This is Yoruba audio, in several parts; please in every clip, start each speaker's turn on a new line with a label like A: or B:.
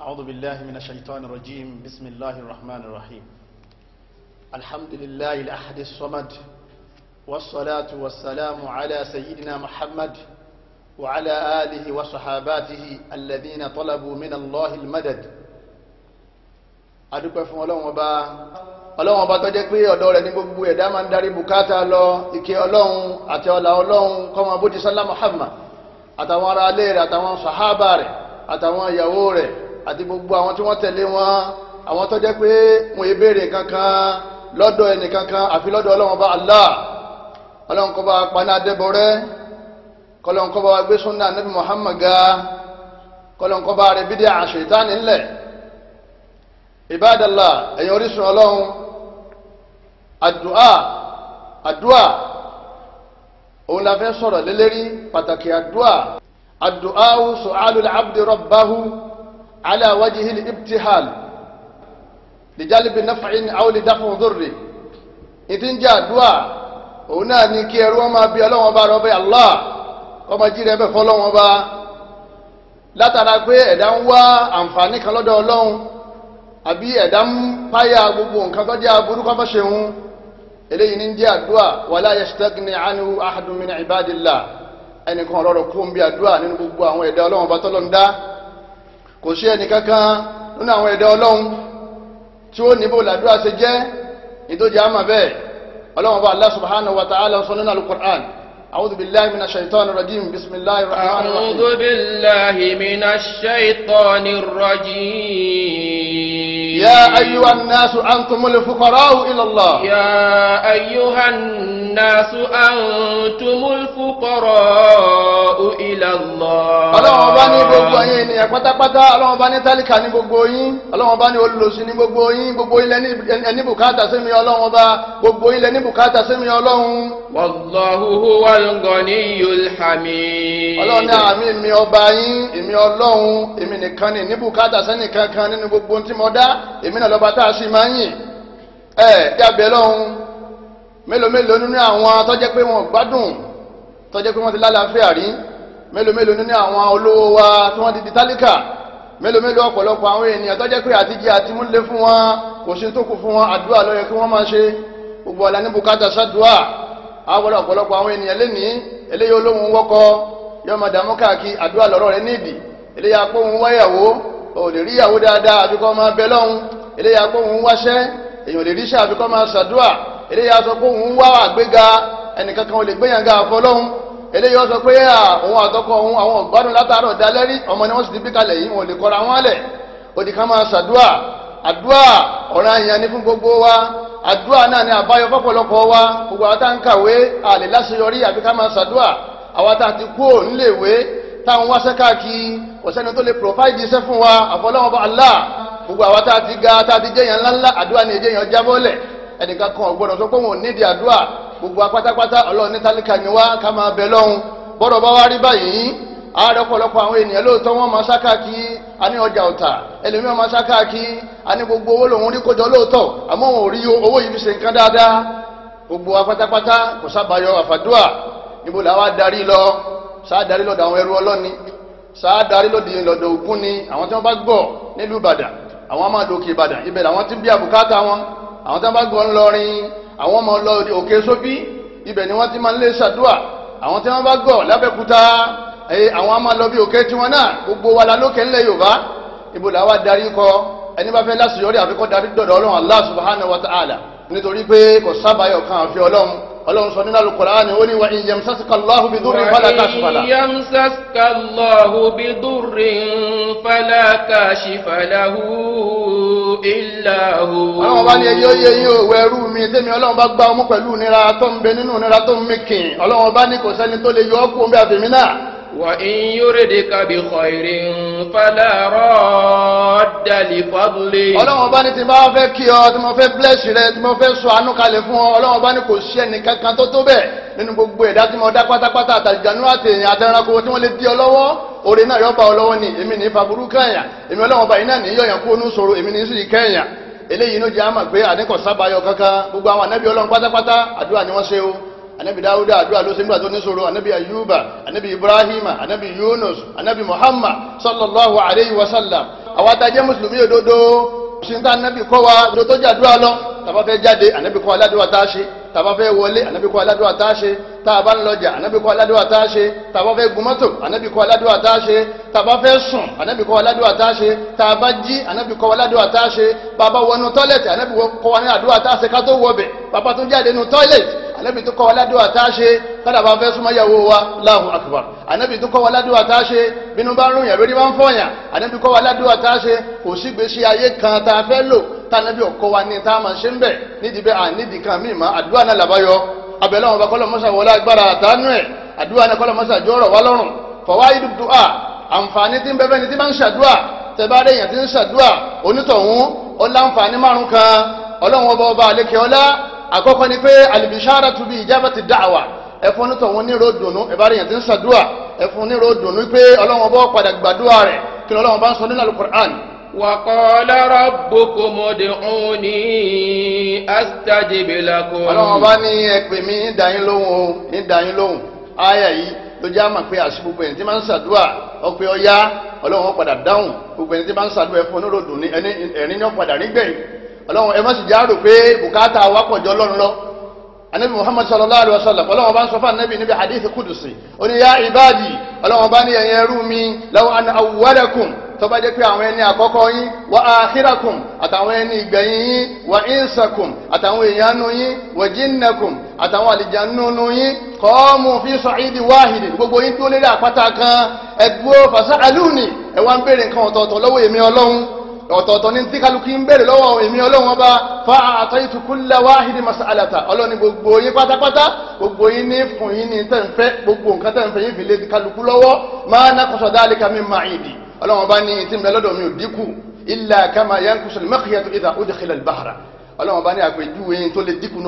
A: أعوذ بالله من الشيطان الرجيم بسم الله الرحمن الرحيم الحمد لله الأحد الصمد والصلاة والسلام على سيدنا محمد وعلى آله وصحاباته الذين طلبوا من الله المدد adúpẹ́ fún ọlọ́run ọba ọlọ́run ọba tó jẹ́ pé ọ̀dọ̀ rẹ̀ ní gbogbo ẹ̀dá máa ń darí bùkátà lọ ìkẹ́ ọlọ́run àti ọlá ọlọ́run kọ́mọ bóti sálá muhammad àtàwọn ará alẹ́ rẹ̀ àtàwọn sàhábà rẹ̀ àtàwọn ìyàwó rẹ̀ àti gbogbo àwọn tí wọ́n tẹ̀lé wọn àwọn tó jẹ́ pé wọn ìbéèrè kankan lọ́dọ̀ ẹnì kankan àfi lọ́dọ̀ ọlọ́run bá Allah ọlọ́run kọ́ bá paná adébọ̀rẹ́ kọ́lọ́run kọ́ bá wa gbé sunna nabi Muhammad ga kọ́lọ́run kọ́ bá rẹ̀ bídíà àṣetánì ńlẹ̀ ìbádàlá ẹ̀yin orísun ọlọ́run àdúà àdúà òun la fẹ́ sọ̀rọ̀ lélẹ́rí pàtàkì àdúà àdúà sùn alùlẹ̀ abdi rabbahu. على وجه الابتهال لجلب نفع أو لدفع ضر ìdí ń jẹ́ àdúrà òun náà ní kí ẹrú ọmọ abí ọlọ́wọ́n bá rọ bẹ́ Allah kọ́mọ jí rẹ̀ bẹ́ fọlọ́wọ́n bá látara pé ẹ̀dá ń wá àǹfààní kan lọ́dọ̀ ọlọ́run àbí ẹ̀dá ń páyà gbogbo nǹkan tó jẹ́ aburú kọ́mọ ṣeun eléyìí ní ń jẹ́ àdúrà wala yastagni anhu ahadun min ibadillah ẹnìkan ọ̀rọ̀ kú ń bí àdúrà nínú gbogbo àwọn ẹ̀dá ọlọ́wọ́n bá tọ́lọ́ ń dá kò sí ẹnì kankan nínú àwọn ẹ̀dá ọlọ́run tí ó níbo làdúrà ṣe jẹ́ ìdójà àmà bẹ́ẹ̀ ọlọ́run bá Allah subhanahu wa ta'ala sọ nínú alukur'an أعوذ بالله من الشيطان الرجيم بسم الله الرحمن الرحيم أعوذ بالله من الشيطان
B: الرجيم يا أيها الناس أنتم الفقراء إلى الله يا أيها الناس الناس أنتم الفقراء إلى الله
A: ọlọ́run bá ní gbogbo yín ènìyàn pátápátá ọlọ́run bá ní tálíkà ní gbogbo yín ọlọ́run bá ní olùlòsì ní gbogbo yín gbogbo yín lẹ́ní bùkátà sí mi ọlọ́run bá gbogbo yín lẹ́ní bùkátà sí mi ọlọ́run.
B: wallahu huwal ganiyyul hamid.
A: ọlọ́run ní àmì mi ọba yín èmi ọlọ́run èmi nìkan ní ní bùkátà sẹ́nì kankan nínú gbogbo tí mo dá èmi náà lọ́ba tá a sì máa ń yìn ẹ̀ dábẹ́ lọ́hùn mélòó mélòó nínú àwọn tó jẹ́ pé wọ́n gbádùn tó jẹ́ pé wọ́n ti lálàáfíà rí mélòó mélòó nínú àwọn olówó wa tí wọ́n ti di tálíkà mélòó mélòó ọ̀pọ̀lọpọ̀ àwọn ènìyàn tó jẹ́ pé àtijẹ àti múlẹ̀ fún wọn kò sí tó kù fún wọn àdúrà ló yẹ kí wọ́n máa ṣe gbogbo ọ̀la ní bùkátà sàdúà àwọn ọ̀pọ̀lọpọ̀ àwọn ènìyàn lénìí eléyìí olóhùn wọ́kọ yóò máa dààmú káàkiri àdúrà lọ́rọ̀ rẹ nídìí eléyìí apóhùn wáyàwó ò lè rí ìyàwó dáadáa àfikọ́ máa bẹ eléyà sọ pé òun wá àgbéga ẹnìkankan ò lè gbéyàn ga àfọlọ́hún eléyà sọ pé òun àtọkọ òun àwọn ọ̀gbádùn látàárọ̀ dalẹ́rí ọmọ ni wọ́n sì ti bí kalẹ̀ yìí wọn ò lè kọ́ra wọn lẹ̀ òdì kan máa ṣàdúà àdúà ọ̀ràn èèyàn ni fún gbogbo wa àdúà náà ni àbáyọ fọ́pọ̀lọpọ̀ wa gbogbo àwọn tá à ń kàwé àlè láṣeyọrí àbí ká máa ṣàdúà àwọn tá à ti kú ò níléèwé táwọn wáṣẹ́ káàkiri kò sẹ́ni tó lè provide iṣẹ́ fún wa àfọlọ́wọ́n bá Allah gbogbo àwọn tá a ti ga tá a ti jẹ́yàn ńláńlá àdúrà ni èjẹ́yàn jábọ́lẹ̀ ẹnìkan kan ọ̀gbọ́dọ̀ sọ pé wọn ò nídìí àdúrà gbogbo apátápátá ọlọ́run ní tálíkà ni wá ká máa bẹ lọ́hùn bọ́dọ̀ bá wá rí báyìí ààrẹ ọ̀pọ̀lọpọ̀ àwọn ènìyàn lóòótọ́ wọn máa ṣáká kí a ní ọjà ọ̀tà ẹlòmíràn máa ṣáká kí a ní gbogbo owó lòun rí kójọ lóòótọ́ àmọ́ wọn ò rí owó yìí fi ṣe nǹkan dáadáa gbogbo apátápátá kò sábàyọ àfàdúà níbo làwa darí lọ sáà darí lọ́dọ̀ àwọn ẹrú ọlọ́ni sáà darí lọ́dọ̀ ògún ni àwọn tí wọ́n bá gbọ́ nílùú Ìbàdàn àwọn máa dòkè Ìbàdàn ibẹ̀ làwọn ti bí àbùkátà wọn àwọn tá a bá gbọ́ ń lọrin àwọn ọmọ lọ òkè sóbí ibẹ̀ ni wọ́n ti máa ń lé ṣàdúà àwọn tí wọ́n bá gbọ́ lábẹ́kúta àwọn á máa lọ bí òkè tiwọn náà gbogbo wa la lókè ńlẹ̀ yorùbá ibo làwa darí kọ ẹni bá fẹ́ láṣeyọrí àfikọ́ darí dọ̀dọ̀ ọlọ́run Allah subhanahu wa ta'ala nítorí pé kò sábàáyọ̀ kan àfi ọlọ́run ọlọ́run sọ nínú Al-Qur'ani ó ní wa in yamsaska Allahu bidurrin fala kashifa lahu. wa in
B: yamsaska Allahu bidurrin fala kashifa lahu illa hu. àwọn bá ní ẹyẹ oyè yín òwe
A: ẹrú mi tẹ́mi ọlọ́run bá gbá ọmú pẹ̀lú nira tó ń bẹ nínú nira tó ń mìkìn ọlọ́run bá ní kò sẹ́ni tó lè yọ ọ́ kú omi àfẹ́mi náà.
B: وإن يردك بخير فلا راد لفضله. ọlọ́run bá
A: ní tí mo fẹ́ kí ọ tí mo fẹ́ bless rẹ tí mo fẹ́ sọ àánú kalẹ̀ fún ọ ọlọ́run bá ní kò sí ẹnì kankan tó tó bẹ́ẹ̀ nínú gbogbo ẹ̀dá tí mo dá pátápátá àtàlìjànú àti èèyàn àtẹnudàkọ tí wọ́n lè di ọ lọ́wọ́ oore náà yọ bá ọ lọ́wọ́ ni èmi ní faburú kẹ́yà èmi ọlọ́run bá yín náà ní yọ̀yàn kú onú sòrò èmi ní sì kẹ́yà anabi dawuda àdúrà ló ṣe nígbà tó anabi ayuba anabi ibrahima anabi yunus anabi muhammad sallallahu alayhi wa sallam àwa tá a jẹ́ mùsùlùmí òdodo anabi kọ́ wa ló tó jà dúrà lọ anabi kọ́ aládùúwà tá a Taba fe wole, anabi kọ́ aládùúwà tá a Taba tàbá ń anabi kọ́ aládùúwà tá a Taba fe fẹ́ anabi kọ́ aládùúwà tá a Taba fe fẹ́ anabi kọ́ aládùúwà tá a Taba tàbá anabi kọ́ aládùúwà tá a Baba bàbá wọnú anabi kọ́ wa ní àdúrà tá a Baba ká tó wọbẹ̀ bàbá nu tọ́lẹ̀tì ànábì tó kọ́ wa ládùúwà tá a ṣe kọ́dà bá fẹ́ yàwó wa Allahu akbar ànábì tó kọ́ wa ládùúwà tá a ṣe bínú bá ń rún yàn lórí bá ń fọyàn ànábì kọ́ wa ládùúwà tá a ṣe kò sí gbèsè ayé kan tá a fẹ́ lò tá ànábì ọkọ wa ní tá a máa ṣe ń bẹ̀ nídìí bẹ́ẹ̀ ànídìí kan míì má àdúrà náà làbáyọ abẹ́lẹ́ wọn bá kọ́lọ́ mọ́sà wọlé agbára àtàánú ẹ̀ àdúrà náà kọ́lọ́ mọ́sà jọ́rọ̀ wá lọ́rùn fawaidu du'a àǹfààní tí ń bẹ́fẹ́ ni tí máa ń ṣàdúà tẹ́bárẹ́ èèyàn tí ń ṣàdúà onítọ̀hún ó márùn kan ọlọ́run ọba ọba àlékè ọlá àkọ́kọ́ ni pé alìbíṣára tún bí ìjábá ti dá àwà ẹ̀fún nítorí wọn nírò dùnú ìbárayàn ti ń ṣàdúà ẹ̀fún nírò dùnú pé ọlọ́wọ́n bọ́ padà gbàdúà rẹ̀ kí ọlọ́wọ́n bá ń sọ nínú alukur'an.
B: wàkọ́lá rọ́bùkù mọ̀dìhúnì astajibìlàkù.
A: ọlọ́wọ́n bá ní ẹ̀pẹ̀ mi ń dà lóhùn o ń dà lóhùn áyà yìí ló já mà pé àṣì gbogbo tí máa ń ṣàdúà ọpẹ́ ọyá ọlọ́wọ́n padà dáhùn gbogbo tí máa ń ṣàdúà ẹ̀fún nírò ẹ̀rín ní ọ̀padà nígbẹ̀yìn ọlọ́run ẹ má sì já rò pé bùkátà wa pọ̀jọ́ ọlọ́run lọ anabi muhammad sallallahu alaihi wa sallam ọlọ́run bá ń sọ fún anabi níbi hadith kudusi ó ní ya ibadi ọlọ́run bá ní ẹ̀yin ẹrú mi law an awwalakum tó jẹ́ pé àwọn ẹni àkọ́kọ́ yín wa akhirakum àtàwọn ẹni ìgbẹ̀yìn yín wa insakum àtàwọn èèyàn nu yín wa jinnakum àtàwọn àlìjánu nu yín qamu fi sa'idi wahidi gbogbo yín tó lé àpáta kan ẹgbó fasaluni ẹ wá ń béèrè nǹkan ọ̀tọ̀ọ̀tọ̀ lọ́wọ́ èmi ọlọ́run ọ̀tọ̀ọ̀tọ̀ ní tí kálukú ń béèrè lọ́wọ́ èmi ọlọ́run ọba fa ataitu kulla wahidi mas'alata ọlọ́ni gbogbo yín pátápátá gbogbo yín ní fún yín ní tẹ̀ǹfẹ́ gbogbo nǹkan tẹ̀ǹfẹ́ yín fi lé kálukú lọ́wọ́ ma naqasa dhalika min ma'idi ọlọ́run ọba ní tí ń bẹ lọ́dọ̀ mi ò dínkù illa kama yanqusu al-miqyatu idha udkhila al-bahra ọlọ́run ọba ní àpèjúwe yín tó lè dínkù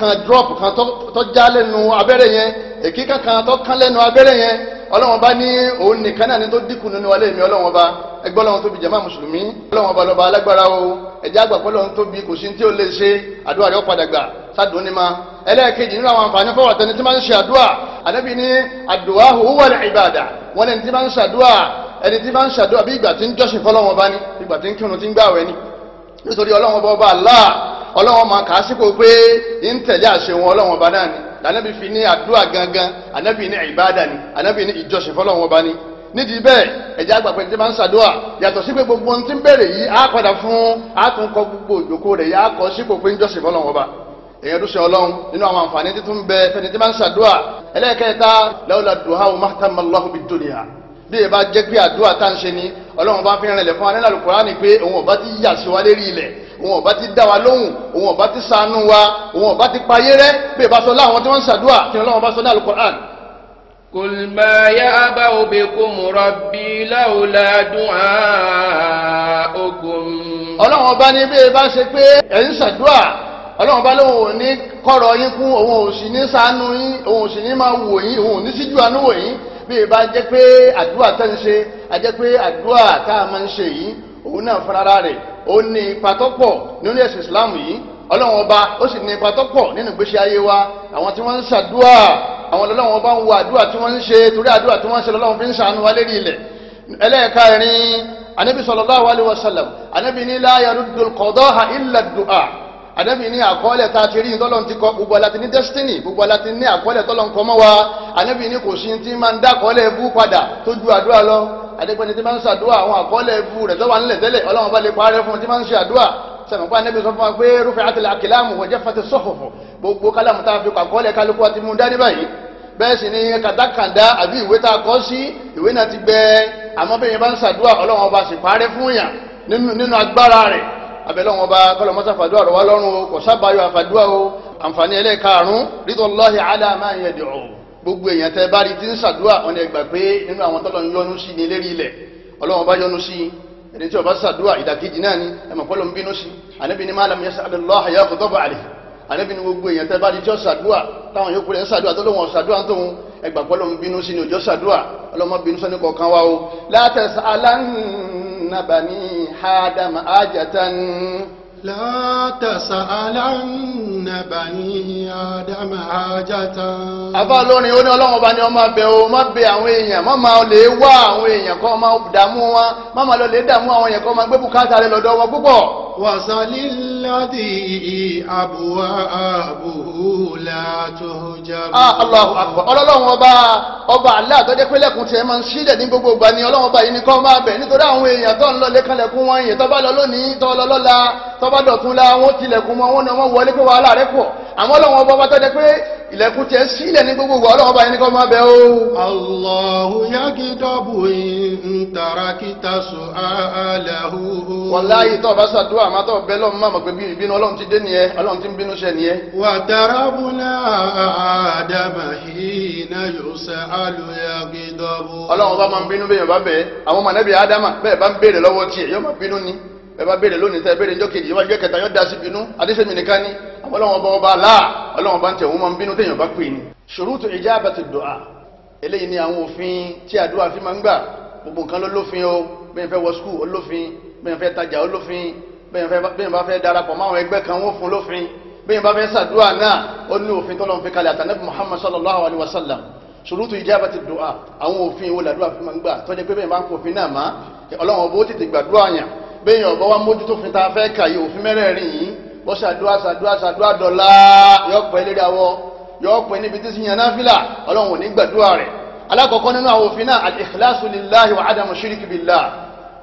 A: náà drop kan tó já lẹ́nu èkí kankan tó kán lẹ́nu abẹ́rẹ́ yẹn ọlọ́wọ́n bá ní òun nìkan náà ní tó dínkù nínú alẹ́ mi ọlọ́wọ́n bá ẹgbẹ́ ọlọ́wọ́n tóbi jàmá mùsùlùmí ọlọ́wọ́n bá lọ́ba alágbára o ẹ̀jẹ̀ àgbàpọ̀ ọlọ́wọ́n tóbi kò sí tí ó lè ṣe àdúrà rẹ̀ padà gbà sádùn ní ma ẹlẹ́ẹ̀kejì nínú àwọn àǹfààní fọwọ́ àtẹni tí máa ń ṣe àdúrà ànábì ní huwa al-ibada wọn ẹni tí máa ń ṣàdúrà ẹni tí máa ń ṣàdúrà bí ìgbà tí ń jọ́sìn fọlọ́wọ́n Allah ọlọ́wọ́n máa kà á sípò pé ń lànàbí fi ní àdúrà gangan ànàbí ní ìbáàdà ni ànàbí ní ìjọsìn fọlọ́run ọba ni nídìí bẹ́ẹ̀ ẹ̀jẹ̀ àgbàpẹ́ ti máa ń ṣàdúrà yàtọ̀ sí pé gbogbo ohun tí ń bèrè yìí á padà fún àtúnkọ gbogbo ìjókòó rẹ̀ yà á kọ́ sípò pé ń jọ́sìn fọlọ́run ọba èèyàn dúṣe ọlọ́run nínú àwọn àǹfààní títún bẹ fẹni tí máa ń ṣàdúrà ẹlẹ́ẹ̀kẹta lẹ́wọ̀lá dùhà mahtamallahu bid-dunya bí ìbá jẹ́ pé àdúrà tá à ń ṣe ni ọlọ́run bá fi rìnlẹ̀ fún wa òun ọba ti dá wa lóhùn òun ọba ti ṣàánú wa òun ọba ti payé rẹ bí ìbá sọ láwọn tí wọ́n ń ṣàdúrà kí ọlọ́wọ́n bá sọ ní alukoran.
B: kùlùmọ̀ ya abá òbí kò mú láwùlà dùn á
A: ogun. ọlọ́wọ́n bá ní bí ìbá ṣe pé ẹ̀ ń ṣàdúrà ọlọ́wọ́n bá lóhùn ò ní yín kún òun ò sì ní ṣàánú yín òun ò sì ní máa wò yín òun ò ní síjú àánú wò yín bí ìbá jẹ́ pé àdúrà tẹ́ ń ṣe àjẹ́ pé àdúrà tá a máa ń ṣe yìí òun náà fúnra rẹ̀ ó ní ipa tó pọ̀ nínú ẹ̀sìn islam yìí ọlọ́run ọba ó sì ní ipa tó pọ̀ nínú ìgbésí ayé wa àwọn tí wọ́n ń ṣàdúà àwọn ọlọ́run ọba ń wo àdúà tí wọ́n ń ṣe torí àdúà tí wọ́n ń ṣe lọ́lọ́run fi ń ṣàánú wa lérí ilẹ̀ ẹlẹ́ẹ̀kẹrin anabi sallallahu alaihi wasallam anabi ní la yaruddu al-qadaha illa àdẹ́bì ní àkọọ́lẹ̀ tá a ti rí tọ́lọ́n ti kọ gbogbo aláti ní destiny gbogbo aláti ní àkọọ́lẹ̀ tọ́lọ́n kọ́ mọ́ wa àdẹ́bì ní kò sí ti máa ń dákọọ́lẹ̀ ebú padà tó ju àdúrà lọ àdẹ́gbẹ́ni ti máa ń ṣàdúrà àwọn àkọọ́lẹ̀ ebú rẹ̀ tọ́wà ńlẹ̀ tẹ́lẹ̀ ọlọ́run bá lè parẹ́ fún ti máa ń ṣe àdúrà sẹ̀mọ̀pá àdẹ́bì sọ fún wa pé rúfẹ́ àtìlẹ̀ àkìlámù wọ́n fàtẹ́ sọ́fọ̀fù ni kàdákàndá àbí ìwé tá a kọ́ sí ìwé náà ti gbẹ àmọ́ bí yẹn bá ń abẹ́lẹ́wọ̀n ọba kọlọmọ́sá fàdúrà rọ̀ wá lọ́rùn o kò sábàáyọ àfàdúrà o àǹfààní ẹlẹ́ẹ̀karùn-ún rídọ́láhì aláàmà yẹn dùn ọ́ gbogbo èèyàn tẹ bá rí ti ń sàdúrà ọ̀nà ẹgbà pé nínú àwọn tọ́lọ̀ ń yọnu sí ní lérí ilẹ̀ ọlọ́wọ́n bá yọnu sí ẹni tí ọba sàdúrà ìdàkejì náà ni ẹmọ pọ́lọ́ ń bínú sí ànábì ní máàlámù yẹn sàdúrà yà kó tọ́ba àlè ànábì ní gbogbo èèyàn ń bínú sí ní òjò sàdúrà بني آدم آجة لا تسألن بني آدم حاجة. àbá lórin ó ní ọlọ́run ọba ni ọmọ abẹ o má bẹ àwọn èèyàn má máa lè wá àwọn èèyàn kó máa dààmú wọn má máa lọ lè dààmú àwọn èèyàn kó máa gbé bùkátà rẹ lọ́dọ̀ wọn púpọ̀. wàsálí ládì àbúwá àbúhù látọjà. Allahu akbar ọlọ́run ọba ọba Allah tó jẹ́ pé lẹ́kùn tiẹ̀ máa ń ṣílẹ̀ ní gbogbo ìgbà ni ọlọ́run ọba yìí ni kó máa bẹ̀ nítorí àwọn èèyàn tó ń lọ lẹ́kànlẹ̀kùn wọn yìí tó bá lọ lónìí tó lọ lọ́la tó bọ́bá dọ̀tún la wọ́n tilẹ̀kùn mọ́ wọ́n náà wọ́n wọlé pé wàhálà rẹ̀ pọ̀ àmọ́ ọlọ́wọ́n bọ́bá tó jẹ́ pé ilẹ̀kùn tiẹ̀ sílẹ̀ ní gbogbo wa ọlọ́wọ́n bá yẹn ní kọ́ máa bẹ o. Allahu yagidabu in tarakita
C: su'alahu.
A: wàláyé tó o bá ṣàdúrà máa tó o bẹ lọ́mọ máa mọ̀ pé bínú bínú ọlọ́run ti dé nìyẹn ọlọ́run ti ń bínú ṣẹ nìyẹn. wà á darabuna Adama hina yus'alu yagidabu. ọlọ́run bá máa ń bínú bẹ́ẹ̀ bá bẹ́ẹ̀ àwọn mọ̀lẹ́bí ni bẹ́ẹ̀ bá béèrè lónìí tẹ́ béèrè njọ́ kejì yóò jẹ́ kẹta yóò da sí bínú adéṣemì nìkan ni àwọn ọlọ́wọ́n bá wọn bá láà ọlọ́wọ́n bá ń tẹ̀ wọ́n máa ń bínú téèyàn bá pè ní. ṣurutu ijabati du'a eléyìí ni àwọn òfin tí àdúrà fi máa ń gbà gbogbo nǹkan ló lófin o bẹ́ẹ̀ fẹ́ wọ skul ó lófin bẹ́ẹ̀ fẹ́ tajà ó lófin bẹ́ẹ̀ fẹ́ darapọ̀ mọ́ àwọn ẹgbẹ́ kan wọ́n Muhammad sallallahu alayhi sallam ṣurutu ijabati du'a àwọn òfin wo làdúrà fi máa ń gbà tọ́jú pé bẹ́ẹ̀ bá ń kófin náà má ọlọ́wọ́n bó tètè gbàdúrà yàn béèyàn ọ̀bọ wa mójútó fi ta fẹ́ kàyé òfin mẹ́rẹ̀ẹ̀rin yìí bó ṣàdúrà ṣàdúrà ṣàdúrà dọ̀la yọ pẹ́ lérí awọ yọ pẹ́ níbi tí sinyan náfìlà ọlọ́run ò ní gbàdúrà rẹ̀ alákọ̀ọ́kọ́ nínú àwọn òfin náà al-ikhlasu lillahi wa adamu shiriki billah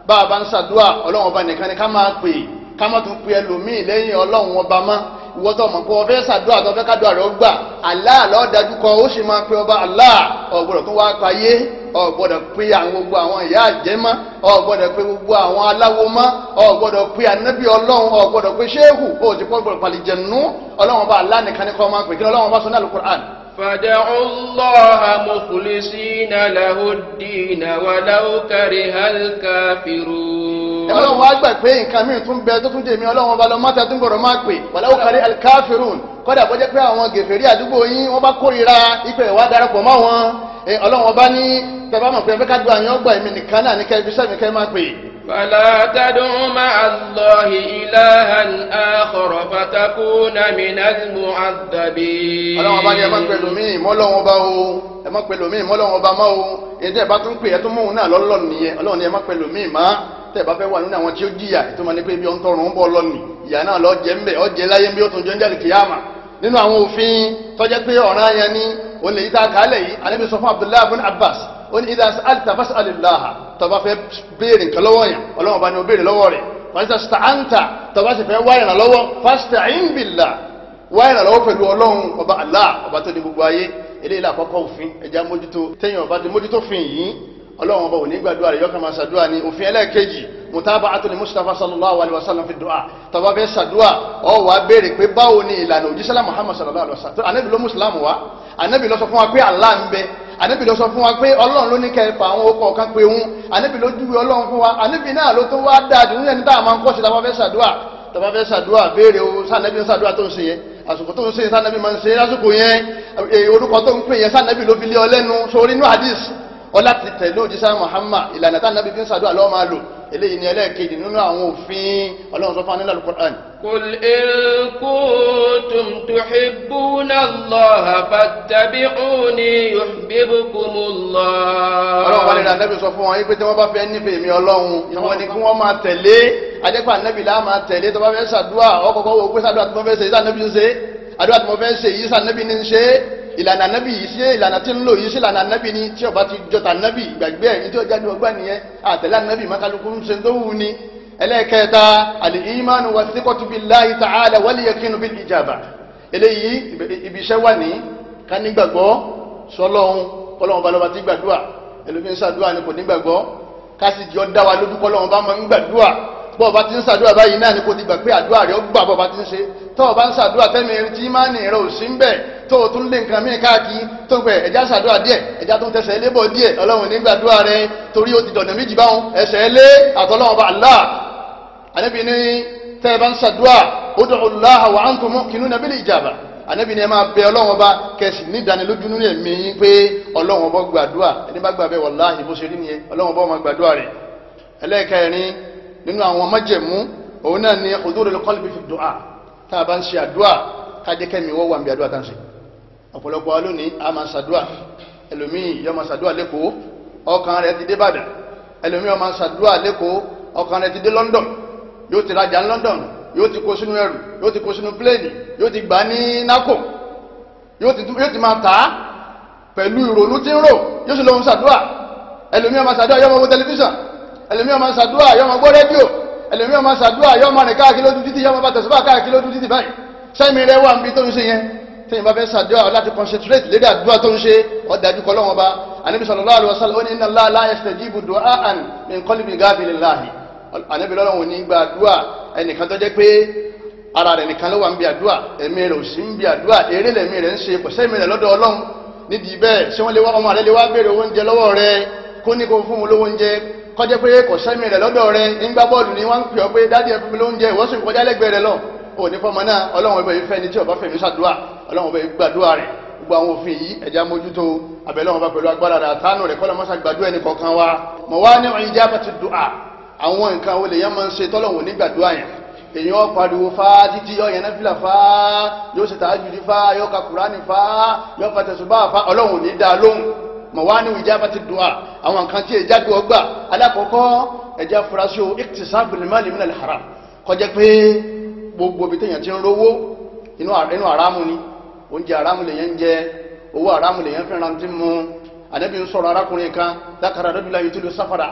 A: bá a bá ń ṣàdúrà ọlọ́run ọba nìkan ni ká máa pè ká má tún pè ẹlòmíì lẹ́yìn ọlọ́run ọba mọ́ ìwọ tó mọ̀ pé ọ fẹ́ ṣàdúrà tó fẹ́ kádùn àrẹ ọgbà Allah lọ́ọ́ dájú kọ ó sì máa pe ọba Allah ọ̀gbọ̀rọ̀ tó wá payé ọ gbọ́dọ̀ pé àwọn gbogbo àwọn ìyá àjẹ́ mọ́ ọ gbọ́dọ̀ gbogbo àwọn aláwo mọ́ ọ gbọ́dọ̀ pé anábì ọlọ́run ọ gbọ́dọ̀ pé ṣéhù ó ti pọ́ gbọ́dọ̀ pàlìjẹ̀nù bá aláàánú kan ní kọ́ máa pè kí ọlọ́run bá sọ ní alukur'an.
B: فادعوا الله مخلصين له الدين ولو كره الكافرون
A: ọlọ́run wá gbà pé nǹkan mìíràn tún bẹ tó tún dè mí ọlọ́run ọba lọ mọ́ta tún gbọ́dọ̀ máa pè wàláwò kárí alikafirun kọ́dà bó jẹ́ pé àwọn gèfèrí àdúgbò yín wọ́n bá kórìíra ìpè wá darapọ̀ mọ́ wọn ọlọ́run ọba ní tẹ̀bá mọ̀ pé ẹ fẹ́ ká gba àyàn ọgbà èmi nìkan náà ní ibi sẹ́mi ká máa pè.
B: فلا تدع مع الله إلها آخر فتكون من المعذبين.
A: ọlọ́run ọba ni ẹ má pẹ̀lú mi mọ́ ọlọ́run ni tẹ́ ẹ̀ bá fẹ́ wà nínú àwọn tí ó jìyà tó máa ní pé ibi ọ̀ntọ́rùn ń bọ̀ lọ́nù ìyá náà lọ jẹ́ ńbẹ̀ ọ jẹ́ láyé bí ó tún jẹ́ ń jáde kìyàmà nínú àwọn òfin tọ́jẹ́ pé ọ̀ràn yẹn ni olè yìí tá a kálẹ̀ yìí Ànábì sọ fún Abdullahi bin Abbas ó ní idha sa'alta fas'alillaha tó bá fẹ́ béèrè nǹkan lọ́wọ́ yẹn Ọlọ́run bá ní o béèrè lọ́wọ́ rẹ̀ fàṣítà sta'anta tó bá sì fẹ́ wá ìrànlọ́wọ́ fasta'in billah wá ìrànlọ́wọ́ pẹ̀lú Ọlọ́run ọba Allah ọba tó ní gbogbo ayé eléyìí làkọ́kọ́ òfin ẹ̀já mójútó téèyàn ọba ti mójútó fin yìí ọlọ́run ọba ò ní gbàdúrà rẹ̀ yọkàn máa ṣàdúrà ní òfin ẹlẹ́ẹ̀kejì mutaba'atu ni mustapha sallallahu alayhi wa sallam fi du'a tọba bẹ ṣàdúrà ọ wà béèrè pé báwo ni ìlànà òjísàlá muhammad sallallahu alayhi wa sallam anabi ló mùsùlùmù wa anabi ló sọ fún wa pé allah ń bẹ anabi ló sọ fún wa pé ọlọ́run ló ní kẹfà àwọn okọ̀ kan pé òun anabi ló júwe ọlọ́run fún wa anabi náà ló tún wá dáa jù nílẹ̀ ní táwọn máa ń tó ń ṣe yẹn máa ń ṣe lásìkò yẹn orúkọ tó ń pè yẹn sànẹ́bí ló fi lé ọ lẹ́nu sórí inú hadith ọlá ti tẹ̀lé òjíṣẹ́ Muhammad ìlànà tá nàbí fi ń sàdúrà lọ́wọ́ máa lò eléyìí ni ẹlẹ́ẹ̀kejì nínú àwọn òfin ọlọ́run sọ fún anílẹ̀ alukur'an.
B: kul in kuntum tuhibbuna Allaha fattabi'uni yuhbibkumullah. ọlọ́run wàlẹ̀ náà nẹ́bí
A: sọ fún wọn pé tí wọ́n bá fẹ́ nífẹ̀ẹ́ mi ọlọ́run ìwọ ni kí wọ́n máa tẹ̀lé ajẹ́pà nẹ́bí là máa tẹ̀lé tó bá fẹ́ sàdúrà ọkọ̀ọ̀kọ̀ wò pé sàdúrà tí mo fẹ́ ṣe yíṣà nẹ́bí ń ṣe àdúrà tí mo fẹ́ ṣe yíṣà nẹ́bí ń ṣe ìlànà ànábì yìí ṣé ìlànà tí ń lò yìí ṣé ìlànà ànábì ni tí ọba ti jọta ànábì ìgbàgbé ẹ̀ nítorí ọjà ni ọgbà nìyẹn àtẹ̀lé ànábì mọ́kàlùkù ń ṣe tó wù ni ẹlẹ́ẹ̀kẹta al-imanu was-siqatu billahi ta'ala wal-yaqinu bil-ijaba eléyìí ibi iṣẹ́ wà ní ká nígbàgbọ́ sọlọ́hún kọ́lọ́hún balọ̀bà ti gbàdúrà ẹlòmí ń ṣàdúrà ni kò nígbàgbọ́ ká sì jọ dá wa tó o tún lé nǹkan míì káàkiri tó ń pẹ ẹja ṣàdúrà díẹ̀ ẹja tó ń tẹsẹ̀ lébọ díẹ̀ Ọlọ́run nígbàdúrà rẹ torí ó ti dọ̀nà méjì báwọn ẹsẹ̀ lé àtọlọ́wọ́n bá Allah ànábì ní tẹ́ ẹ bá ń ṣàdúrà ud'u Allah wa antum muqinuna bil ijaba ànábì ni ẹ máa bẹ ọlọ́run ọba kẹsì ní ìdánilójú nínú ẹ̀mí yín pé ọlọ́run ọba gbàdúrà ẹni bá gbàbẹ wàláhì bó ṣe rí nìyẹn ọlọ́run ni hudurul qalbi fi ọ̀pọ̀lọpọ̀ alónìí a máa ṣàdúà ẹlòmíì yọ máa ṣàdúà lẹ́kọ̀ọ́ ọkàn rẹ̀ ti dé Ìbàdàn ẹlòmíì yọ máa ṣàdúà lẹ́kọ̀ọ́ ọkàn rẹ̀ ti dé London yóò ti rajà ní London yóò ti kó sínú ẹrù yóò ti kó sínú pléènì yóò ti gbà ní nako yóò ti máa tà á pẹ̀lú ìrònú tí ń rò yóò sì lọ́hún ṣàdúà ẹlòmíì yọ máa ṣàdúà yọ máa wo tẹlifíṣàn ẹlòmíì yọ máa ṣàdúà yọ máa gbọ́ rédíò ẹlòmí tẹ́yìn bá fẹ́ sàdúrà láti concentrate lédè àdúrà tó ń ṣe ọ̀dájú kọ́ lọ́wọ́ bá anabi sallallahu alaihi wasallam ó ní inna Allaha la yastajibu du'aan min qalbin ghafilin láàyè anabi lọ́wọ́ òní gba àdúrà ẹnìkan tó jẹ́ pé ara rẹ̀ nìkan ló wà ń bi àdúrà ẹ̀mí rẹ̀ ò sí ń bi àdúrà eré lẹ̀mí rẹ̀ ń ṣe kò sẹ́mi rẹ̀ lọ́dọ̀ ọlọ́run nídìí bẹ́ẹ̀ ṣé wọ́n lè wá ọmọ rẹ̀ lè wá béèrè oúnjẹ lọ́wọ́ rẹ̀ kó ní kó fún un lówó oúnjẹ kọjá pé kò sẹ́mi rẹ̀ lọ́dọ̀ rẹ̀ ń gbá bọ́ọ̀lù ni wọ́n ń pè ọ́ pé dáàdi ẹ̀ fún mi lóúnjẹ ìwọ́sùn kọjá lẹ́gbẹ̀ẹ́ rẹ̀ lọ òní fọmọ náà ọlọ́run ọba yìí fẹ́ ni tí ọba fẹ̀mí ṣàdúrà ọlọ́run ọba yìí gbàdúrà rẹ̀ gbogbo àwọn òfin yìí ẹ̀já mójútó abẹ́lẹ́wọ̀n ọba pẹ̀lú agbára rẹ̀ àtàánù rẹ̀ kọ́lá mọ́sá gbàdúrà ẹnì kọ̀ọ̀kan wa mọ̀ wá ní ọ̀yin jábà ti dùn à àwọn nǹkan olè yẹn máa ń ṣe tọ́lọ̀wọ̀ ní gbàdúrà yẹn èèyàn pariwo fa títí ọyàn náà fìlà fa yóò ṣe tààjú ní fa yóò ka kùránì fa yóò fa tẹ̀sùbá fa ọlọ́run ò ní dá lóhùn mọ̀ wá ní ìjábá ti dùn à àwọn nǹkan tí èjá gbé ọgbà alákọ̀ọ́kọ́ ẹ̀já furasí o ìkìtìsáàbù ní má lè mí nà lè haram kọjá pé gbogbo ibi téèyàn ti ń rówó inú àrámù ni oúnjẹ àrámù lèyàn ń jẹ owó àrámù lèyàn fẹ́ràn tí mu ànábì ń sọ̀rọ̀ arákùnrin kan dákàrà rẹ́dúlá yìí tí ló sáfàrà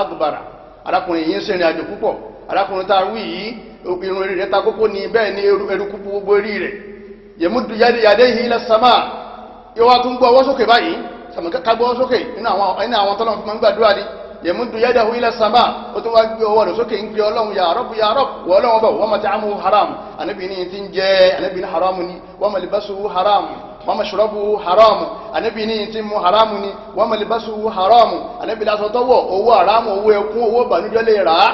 A: àgbàrà arákùnrin yìí ń ṣèrìn àjò púpọ̀ arákùnrin tá a wí yìí irun rẹ̀ ta kókó ni bẹ́ẹ̀ ni eruku gbogbo eré rẹ̀ yẹmudu yadé yìí lẹ sàmà yóò wá tún gbọ́ ọwọ́ sókè báyìí sàmùkà gbọ́ ọwọ́ sókè yẹmúdu yẹdẹ hu ilẹ̀ sábà ó tún wá gbé ọwọ́ rẹ̀ sókè ń pe ọlọ́run ya rọ́bù ya rọ́bù wọ́n ọlọ́run bọ̀ wọ́n mọ̀tí àmú haram anabi ní ti ń jẹ́ anabi ní haram ni wọ́n mọ̀ libasu haram wọ́n mọ̀ ṣọ́rọ́bù haram anabi ti mu haram ni wọ́n mọ̀ libasu haram anabi lásán owó haram owó ẹkún owó bànújẹ́ lè rà á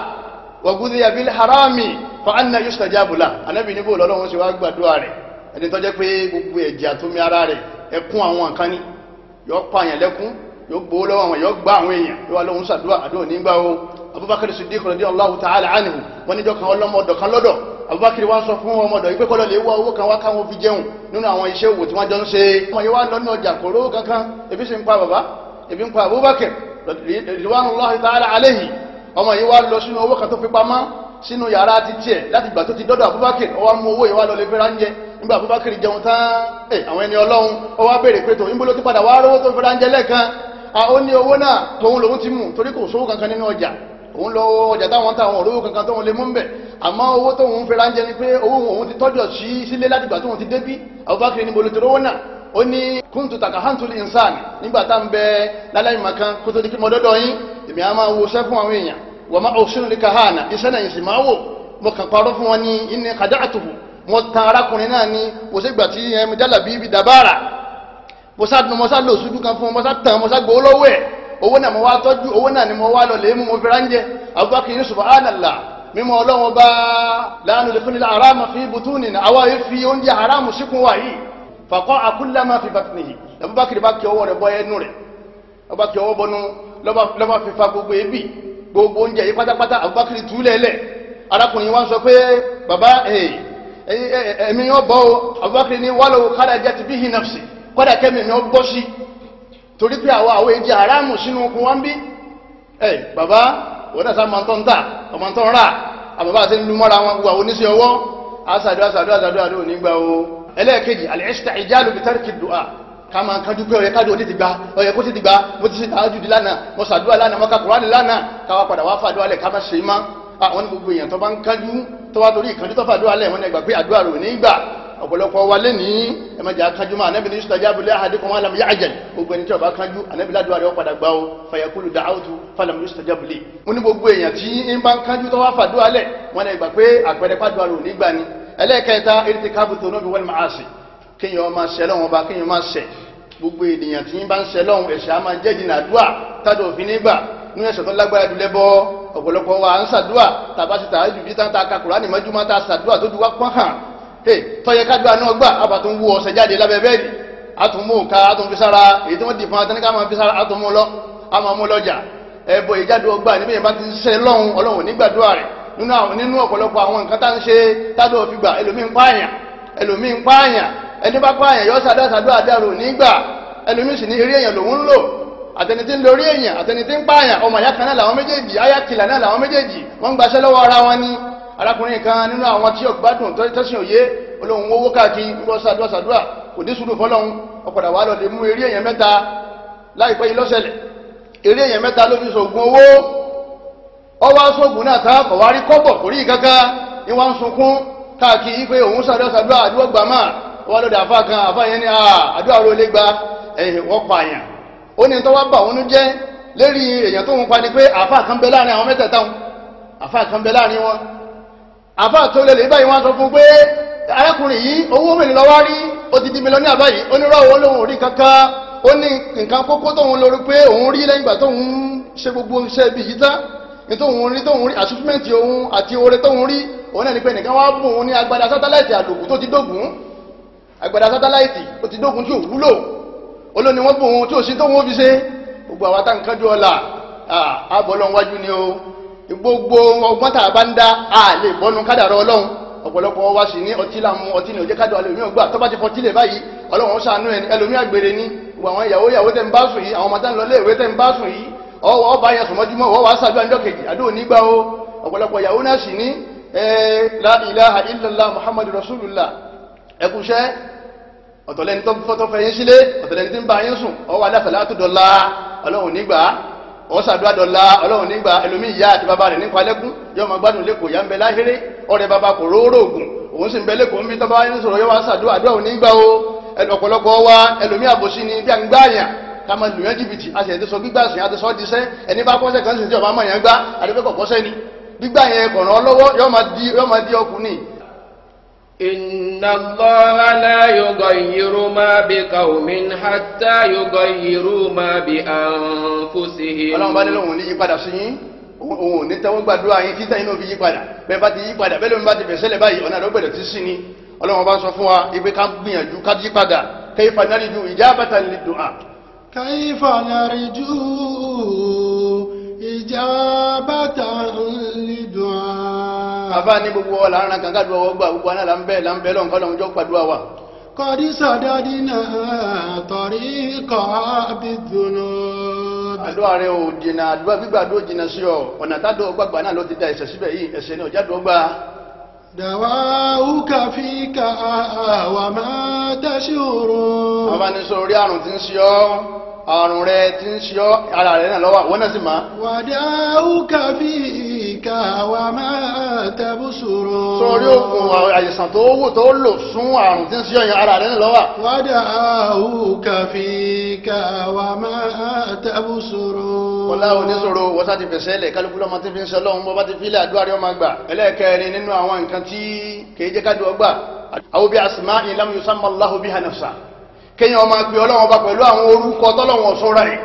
A: wọ́gúdí yabi harami fa anna yustajabu la anabi níbo lọ́lọ́run ṣe wá gbàdúrà rẹ̀ ẹni tọ́jẹ́ pé gbogbo ẹ̀jẹ̀ àtúnmí ara rẹ̀ ẹkún àwọn nǹkan yọ yóò gbowó lọ́wọ́ àwọn yóò gbá àwọn èèyàn yóò wá lóhun sàdúrà àdúrà nígbà o Abubakar Siddiq radiyallahu ta'ala anhu wọn níjọ́ kan ọlọ́mọdọ̀ kan lọ́dọ̀ Abubakar wa sọ fún ọmọdọ̀ yìí pé kọ́lọ́ lè wá owó kan wá káwọn fi jẹun nínú àwọn iṣẹ́ òwò tí wọ́n jọ ń ṣe. ọmọ yìí wá lọ́nà ọjà kòró kankan ebi sì ń pa bàbá ebi ń pa Abubakar ridwanullahi ta'ala alayhi ọmọ yìí wá lọ sínú owó kan tó fi pamọ́ sínú yàrá ti tiẹ̀ láti ìgbà tó ti dọ́dọ̀ Abubakar ó wá mú owó yìí wá lọ lè fẹ́ra ń jẹ nígbà Abubakar jẹun tán eh, àwọn ẹni Ọlọ́run ó wá pé tó ń bolo tó padà wá rówó tó fẹ́ra ń jẹ lẹ́ẹ̀kan ó ní owó náà tóun lòun ti mú torí kò sówó kankan nínú ọjà òun lọ ọjà táwọn táwọn olówó kankan tóun lè mú ń bẹ̀ àmọ́ owó tóun fẹ́ ránjẹ ni pé owó òun ti tọ́jọ sí sílé látìgbà tóun ti débí Abubakar ní bolo torówó náà ó ní kúntù takahantul insan nígbà tá n bẹ lálẹ́ ìmọ̀ kan kó tó di kí mo dọ́dọ̀ yín èmi á máa wo iṣẹ́ fún àwọn èèyàn wọ́n máa òṣèlú kahana iṣẹ́ náà yìí sì máa wò mo kàn parọ́ fún wọn ní ìní kàdá àtùkù mo tan arákùnrin náà ní kò tí ẹmu jálàbí ibi dàbára mọ́sá dùn mọ́sá lò sùdù kan fún mọ́sá tàn mọ́sá gbowó lọ́wọ́ ẹ̀ owó náà mo wá tọ́jú owó náà ni mo wá lọ lè mú mo fi ránjẹ abubakar yìí subhanallah mímọ ọlọ́wọ́n bá láàánú lè fúnni àràmà fi bùtúnì náà àwa yìí fi oúnjẹ àràmù síkún wa yìí fàkọ́ àkúlámà fi bàtìnìyì abubakar bá kí ọwọ́ rẹ̀ bọ́ ẹnu rẹ̀ abubakar ọwọ́ bọnú lọ́ba fi fa gbogbo ebi gbogbo oúnjẹ yìí pátápátá abubakar túlẹ̀ẹ́lẹ̀ arákùnrin wa sọ pé baba eh, eh, eh, ẹ̀mí yóò bọ́ abubakar ní wàlọ́wọ́ kára jẹ́ ti bí hinafsi kọ́dà kẹ́mi mi ó bọ́ sí torí pé àwọn àwọn èjì aráàmù sínú okun wọn bí ẹ bàbá wọn dà sá máa tọ́ ń tà ọmọ tó ń rà àbàbà àti nínú mọ́ra wọn gbogbo àwọn oníṣẹ́ ọwọ́ àṣàdúrà àṣàdúrà àṣàdúrà ló ní gbà o ẹlẹ́ẹ̀kejì àlẹ́ṣítà ìjálù bí tárìkì dùà ká máa kájú pé ọ̀yẹ́ kájú ó tètè gba ọ̀yẹ́ kó tètè gba mo ti ṣe tààjú di lánàá mo ṣàdúrà lánàá mo ka kùránì lánàá káwa padà wá fàdúrà lẹ̀ ká má ṣe má àwọn ní gbogbo èèyàn tó bá ń kájú tó wá torí ìkánjú tó fàdúrà lẹ̀ wọ́n ní ẹgbà pé àdúrà rò ní gbà ọ̀pọ̀lọpọ̀ wa lé ní ẹ̀mẹ̀jà kanjú mọ́ anábì ní yustajabu li ahadikum wa lam ya'jal gbogbo ẹni tí ọba kanjú anábì ládùúgbò rẹ̀ padà gbá o fayaqulu da'awtu falam yustajabu li. mo ní gbogbo èèyàn tí ń bá ń kanjú tó wá fàdúrà lẹ̀ wọn lè gbà pé àpẹẹrẹ fàdúrà rò ní gbani. ẹlẹ́ẹ̀kẹta irtikabu dhunubi wal ma'asi kéèyàn máa ṣẹ ba kéèyàn máa ṣẹ gbogbo ènìyàn tí ń bá ń ṣẹ lọ́wọ́n ẹ̀ṣẹ̀ á máa jẹ́ jìnnà àdúrà tádò tó lágbára jù ọ̀pọ̀lọpọ̀ wa ń ṣàdúrà tàbá ti tàá bí tá ń ta kakùrá ṣàdúrà tó ju wá pọ́n hàn tọ́yẹ kájọ àánú ọgbà àbà tó ń wú ọ̀sẹ̀ jáde lábẹ́ bẹ́ẹ̀dì àtúnmú nǹkan àtúnfi sára èyí tí wọ́n ti fún atẹ́níkà máa fi sára àtúnmú lọ àmọ́ mú lọ́jà ẹ̀bọ̀ ìjádù ọgbà níbi yẹn bá ti ṣe lọ́hùn ọlọ́hùn nígbàdúrà rẹ̀ nínú ọ̀pọ̀lọpọ̀ àwọn nǹkan tá ń ṣe tádọ̀ fi gbà ẹlòmíì ń pààyàn ẹlòmíì ń pààyàn ẹni bá pààyàn yọ sàdásàdó àdàrò nígbà ẹlòmíì sì ní eré arákùnrin kan nínú àwọn tí ọgbádùn tẹ́sán òye olóhùn owó káàkiri wíwọ́ sàdúrà sàdúrà kò dé sùúrù fọlọ́hún ọ̀padà wà lọ́dẹ mú eré èèyàn mẹ́ta láìpẹ́ yìí lọ́sẹ̀lẹ̀ eré èèyàn mẹ́ta ló fi sògùn owó ọwọ́ sóògùn náà ta kọ̀ wárí kọ́bọ̀ kò rí ìkaka ni wọ́n ń sunkún káàkiri pé òun sàdúrà sàdúrà àdúrà gbà máa wọ́n lọ́dẹ àfa kan àfa yẹn ni àdúrà ló lé gba ẹ̀yìn wọ́n àyàn ni pé àbá tó lẹlẹ báyìí wọn sọ fún pé arákùnrin yìí owó mélòó lọ wá ó ti di mílíọnù ní àbáyìí onírọ owó lòun ò rí kankan ó ní nǹkan kókó tóun lórí pé òun rí lẹ́yìn ìgbà tóun ṣe gbogbo iṣẹ́ ibi yìí tán ní tóun rí tóun rí àṣùfímẹ́ǹtì òun àti oore tóun rí òun náà ní pé nìkan wá bùn òun ní agbada sátáláìtì àlòkù tó ti dógùn agbada sátáláìtì ó ti dógùn tí ò wúlò olóni wọn bùn òun tí ò sí tóun ó fi ṣe gbogbo àwa tá nǹkan jọ ọ̀la àbọ̀lọ́wájú ni o gbogbo ọgbọ́n tá a bá ń dá a lè bọ́nu kádàrá ọlọ́run ọ̀pọ̀lọpọ̀ wa sì ní ọtí là ń mu ọtí ní òjẹ́ kájọ alẹ́ òmíràn gbà tó bá ti fọtí lè báyìí ọlọ́run ó ṣàánú ẹni ẹlòmíràn gbére ní gbogbo àwọn ìyàwó ìyàwó tẹ́ ń bá sùn yìí àwọn ọmọdé ń lọ léèwé tẹ́ ń bá sùn yìí ọwọ́ ọba yẹn sùnmọ́júmọ́ ọwọ́ wa ṣàdúrà ńjọ́ kejì àdó onígbà o ọ̀pọ̀lọpọ̀ ìyàwó náà sì ní la ilaha muhammadu rasulullah ẹkùnṣẹ́ ọ̀tọ̀lẹ́ni tó fẹ́ yín sílé ọ̀tọ̀lẹ́ni tí ń bá yín sùn ọwọ́ adásàlá tó dọ̀la ọlọ́run nígbà ọ̀sàdúrà dọ̀la ọlọ́run nígbà ẹlòmíì ìyá àti bàbá rẹ̀ nípa lẹ́kún yóò máa gbádùn lẹ́kọ̀ọ́ ìyá ń bẹ láhéré ọ̀rẹ́ bàbá kò róró ògùn òun sì ń bẹ lẹ́kọ̀ọ́ mi tọ́ba ń sọ̀rọ̀ yóò sàdúrà àdúrà òní o ọ̀pọ̀lọpọ̀ wa ẹlòmíì àbòsí ni bí a ń gbá àyàn ká máa lùyàn jìbìtì a sì ẹ̀ ti sọ gbígbà sìn àti sọ́ diṣẹ́ ẹni bá kọ́sẹ̀ kan sì ti ọ̀bá mọ̀ yẹn ni di إن
B: الله لا يغير ما بقوم حتى يغيروا ما بأنفسهم ọlọ́run bá nílò òun ní
A: yípadà sí yín òun ò ní tẹ́wọ́n gbàdúrà yín títà inú fi yípadà bẹ́ẹ̀ bá ti yípadà bẹ́ẹ̀ lómi bá ti bẹ̀sẹ̀ lẹ̀ báyìí ọ̀nà àdógbèrè ti sí ni ọlọ́run bá ń sọ fún wa ibi ká gbìyànjú ká yípadà كيف نرجو إجابة للدعاء كيف نرجو إجابة àbá ní gbogbo ọ̀la aràn kan kádùn ọwọ́ gbà gbogbo aná là ń bẹ́ẹ̀ là ń bẹ́ẹ̀ lọ́n lọ́n jọ́ pàdúrà wa. kọ́dí sọ̀dọ́dí náà tọ̀rí kọ́ bí dunu. àdúrà rẹ ò jìnnà àdúrà gbígbà àdúrà jìnnà sí ọ ọ̀nà tádùn ọgbà gbà náà ló ti da ẹ̀ṣẹ̀ síbẹ̀ yìí ẹ̀ṣẹ̀ ni ọ̀já dùn ọgbà. دواؤك فيك وما تشعرون àrùn rẹ ti ń ṣe ọ ara rẹ náà lọ́wọ́ àwọn náà sì máa. wàdà áwùká bí ìka wa máa tẹ̀bú sòrò. sórí oògùn àìsàn tó wù tó lò fún àrùn tí ń ṣe ọyàn ara rẹ náà lọ́wọ́. wàdà áwùká bí ìka wa máa tẹ̀bú sòrò. wọlá oníṣòro wọ́tá ti fẹsẹ̀ lẹ̀ kálukú lọ́mọ tí fi ń ṣe ọlọ́run bọ́ bá ti fílẹ̀ àdúrà rẹ̀ ọmọ gbà. ẹlẹ́ẹ̀kẹrin nínú àwọn nǹkan tí kèéjẹ́ ká kéèyàn máa pe ọlọ́wọ́n bá pẹ̀lú àwọn orúkọ tọ́lọ́wọ́n sọ́ra ẹ̀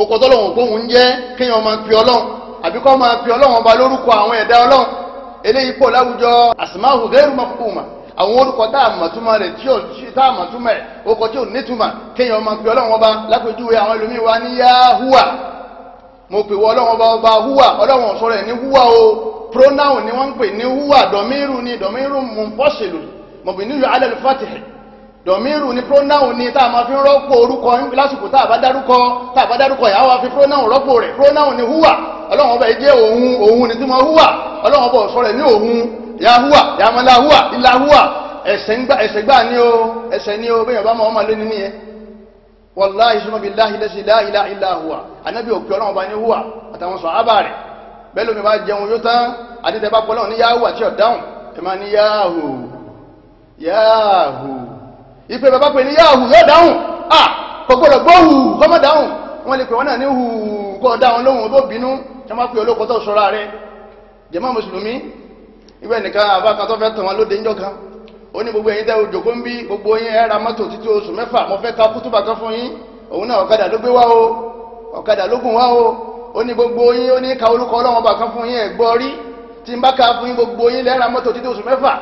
A: okò tọ́lọ́wọ́n gbóhùn ń jẹ́ kéèyàn máa pe ọlọ́wọ́n àbí kọ́ máa pe ọlọ́wọ́n bá lórúkọ àwọn ẹ̀dá ọlọ́wọ́n eléyìí pọ̀ láwùjọ àsìmáhù gẹ́rù mọ́kùmà àwọn orúkọ tá àmọ̀túmọ̀ rẹ̀ tí ò tá àmọ̀túmọ̀ rẹ̀ okò tí ò nítumà kéèyàn máa pe ọlọ́wọ́n bá lápèjúwe huwa ọlọ́wọ́n sọ̀rọ̀ ẹ̀ huwa o ni wọ́n ń huwa dọ̀míìrù ni dọ̀míìrù mùpọ́sìlù mọ̀bìnrin yóò alẹ́ lè fàtìhì dọ̀míìrù ni pronoun ni tá a máa fi rọ́pò orúkọ lásìkò tá a bá dárúkọ tá a bá dárúkọ yà á fi pronoun rọ́pò rẹ̀ pronoun ni húwà ọlọ́run ọba jẹ́ òun òun ni tí mo húwà ọlọ́run ọba ọ̀sọ́ rẹ̀ ní òun ya húwà ya mọ́lá húwà ilá húwà ẹ̀sẹ̀ gbà ní o ẹ̀sẹ̀ ní o bẹ́yàn bá mọ́ ọmọ lé ma nìyẹn wàláhì sọ́mọ́ bí láhì lẹ́sì láhìlá ilá húwà anábì jẹun ìpè bàbá pè ní yáàhù yóò dáhùn à kò gbọdọ̀ gbọ́ hù kọ́mọ dáhùn wọ́n lè pè wọ́n náà ní hù kọ́ dáhùn lóhùn tó bínú tí wọ́n pè olóko tó sọ́ra rẹ̀ jàmá mùsùlùmí ìwé nìkan àbákan tó fẹ́ tàn wọn lóde ńjọ́ kan ó ní gbogbo ẹ̀yin tẹ́ òjòkó ń bí gbogbo yín ẹ ra mọ́tò títí oṣù mẹ́fà mo fẹ́ ka kútùbà kan fún yín òun náà ọ̀kadà ló gbé wá o ọ̀kadà ló gùn wá o ó ní gbogbo yín ó ní ka orúkọ ọlọ́wọ́n bá kan fún yín ẹ̀ rí tí n bá ka fún yín gbogbo yín lẹ́ mọ́tò títí oṣù mẹ́fà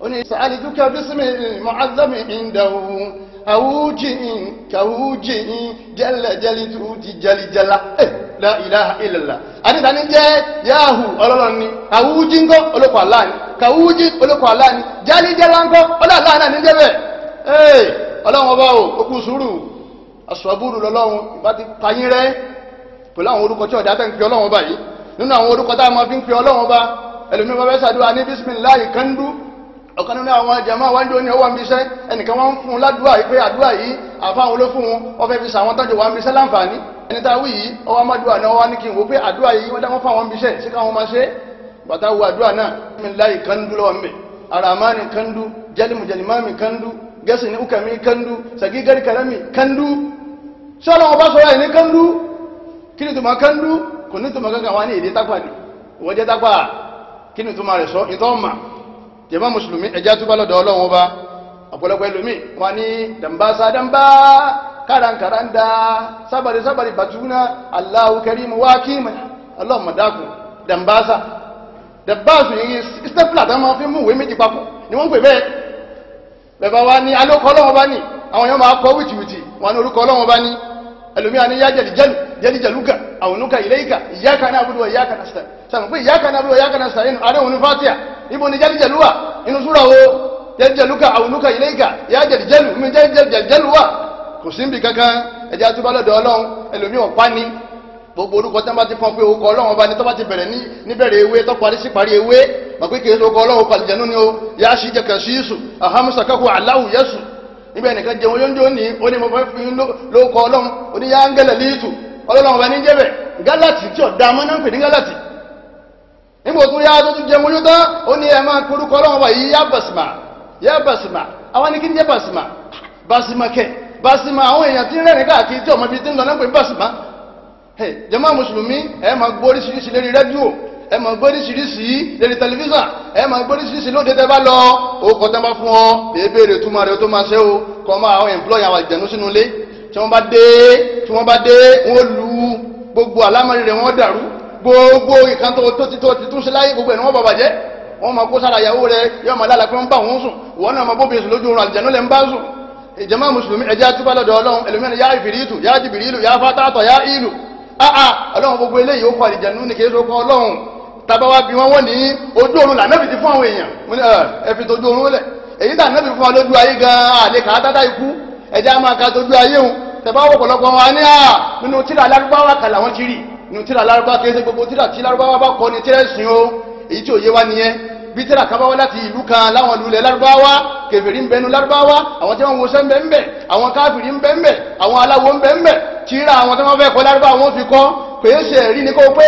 A: oni sa'alituka bismi mu'azzami indahu awuji kawuji jalla jalituti jali jala eh la ilaha illallah ani tani jẹ yahu ọlọlọrun ni awuji ńkọ́ olóko Allah ni kawuji olóko Allah ni jali jala ńkọ́ ọlọ Allah náà ní jẹbẹ ee eh, Ọlọ́run ọba o okun sùúrù asọbúrú lọ́lọ́run ìbá ti payín rẹ pẹ̀lú àwọn orúkọ tí ọdá tẹ ń pe Ọlọ́run ọba yìí nínú àwọn orúkọ tá a máa fi ń pe Ọlọ́run ọba ẹlòmíràn bá fẹ́ ṣàdúrà ní bísímìláì kánú ọ̀kan nínú àwọn jàmáà wájú ní ọwọ́ àmìṣẹ́ ẹnìkan wọ́n ń fún un ládùúgbà yìí pé àdúrà yìí àfáwọn olófún wọn wọ́n fẹ́ fi sàwọn tọ́jú wọn àmìṣẹ́ láǹfààní ẹni tá a wí yìí ọwọ́ amádùúgbà náà wá ní kí n wò pé àdúrà yìí wọ́n dáwọ́ fáwọn àmìṣẹ́ sí káwọn máa ṣe bàtà wo àdúrà náà mi láyì kandu lọ́wọ́ mi aramani kandu jalimu jalimami kandu gẹ̀sì ní ukami kandu sagigari kalami kandu sọ́nà ọba jẹ̀mọ́ mùsùlùmí ẹja túbọ̀ lọ́dọ̀ ọlọ́run ọba ọ̀pọ̀lọpọ̀ ẹlòmíì wọn ní dambasa damba karankaranda sábàrì sábàrì bàtúnà Allahu karim wákìmù ọlọ́mọ dákun dambasa dambasa yìí stapler tó máa fi mú ìwé méjì papọ̀ ni wọ́n ń pè bẹ́ẹ̀ bẹ̀bá wa ní alókọ́ ọlọ́run ọba ní àwọn yẹn máa kọ́ wìtìwìtì wọn ní orúkọ ọlọ́run ọba ní ẹlòmíì àníyájẹ̀lì jẹ́lì jẹ́díjẹ̀lúkà àwọnúkà ìlẹ́ìkà ìyáka náà gbọ́dọ̀ ìyáka náà sàn sàn pé ìyáka náà gbọ́dọ̀ ìyáka náà sàn nínú adé òun fatia ibo ni jẹ́díjẹ̀lúwà inú súra wo jẹ́díjẹ̀lúkà àwọnúkà ìlẹ́ìkà ìyá jẹ̀díjẹ̀lú mi jẹ́díjẹ̀lúwà kò sí níbi kankan ẹ̀jẹ̀ atúbálọ̀dọ̀ ọlọ́run ẹlòmíràn pani gbogbo orúkọ tí wọn bá ti pọn pé orúkọ ọlọ́run ọba ni tó bá ti bẹ̀rẹ̀ ní níbẹ̀rẹ̀ ewé tó parí sí parí ewé mọ̀ pé kì í orúkọ ọlọ́run pàlìjẹnú ni o yá sí jẹkẹ sí yíṣù ahamusa kakú aláwù yẹsù níbẹ̀ nìkan jẹun yóò ń jó ní onímọ̀ fẹ́ fi lóko ọlọ́run oníyá ń gẹlẹ̀ líìtù ọlọ́lọ́wọ́ bá ní jẹ́bẹ̀ gálàtì tí ọ̀dá ọmọ náà ń pè ní gálàtì nígbà tó yá tó tún jẹ múlú tán ó ní ẹ máa korúkọ ọlọ́wọ́ yìí yá basima yá basima àwọn ní kí ń jẹ́ basima basima kẹ basima àwọn èèyàn tí ń rẹ́rìn káàkiri tí ọmọ ibi tí ń lọ náà pè ní basima jàmá mùsùlùmí ẹ máa gbọ́ oríṣiríṣi lérí rẹ́díò ẹ máa gbọ́ oríṣiríṣi lérí tẹlifíṣàn ẹ máa gbọ́ oríṣiríṣi lóde tẹ bá lọ ó kọ́ bá fún ọ bèé túmọ̀ rẹ tó máa ṣe ó kọ́ máa àwọn employer àwọn àjẹnú sínú ilé tí wọ́n bá dé tí wọ́n bá dé wọ́n lu gbogbo àlámọ̀rí rẹ̀ wọ́n dàrú gbogbo ìkan tó tó ti tó ti tún sí láyé gbogbo ẹ̀ ni wọ́n bàbà jẹ́ wọ́n máa kó sára ìyàwó rẹ̀ yóò máa lálàá pé wọ́n bá wọn sùn wọ́n náà máa bóbi sùn lójú oorun àlìjẹ̀nú lẹ́ bá sùn ìjẹ́mọ́ mùsùlùmí ẹ̀jẹ̀ àtúbà ọlọ́run ẹlòmíràn yá ìfìrìtù yá jìbìrìlù yá fátátọ̀ yá ìlù ọlọ́run gbogbo tabawa bí wọ́n wọ́n ní ojú oorun lànàbì ti fún àwọn èèyàn ẹ fi tojú oorun lẹ̀ ẹ̀jẹ̀ á máa ka tójú ayé wọn tẹ̀bá wò pọ̀lọpọ̀ wọn ní à nínú tíra lárúbáwá kàlà wọn ti rí nínú tíra lárúbáwá kì í ṣe gbogbo tíra tí lárúbáwá bá kọ́ ni tíra ẹ̀sìn o èyí tí ò yé wa nìyẹn bí tíra kábáwá láti ìlú kan láwọn lulẹ̀ lárúbáwá kèfèrí ńbẹ́nu lárúbáwá àwọn tí wọ́n wo sẹ́ ńbẹ́ àwọn káfìrí ńbẹ́ ńbẹ́ àwọn aláwo ńbẹ́ ńbẹ́ tíra àwọn tí wọ́n fẹ́ kọ́ lárúbáwá wọn fi kọ́ pèsè ẹ̀rí ni kó pé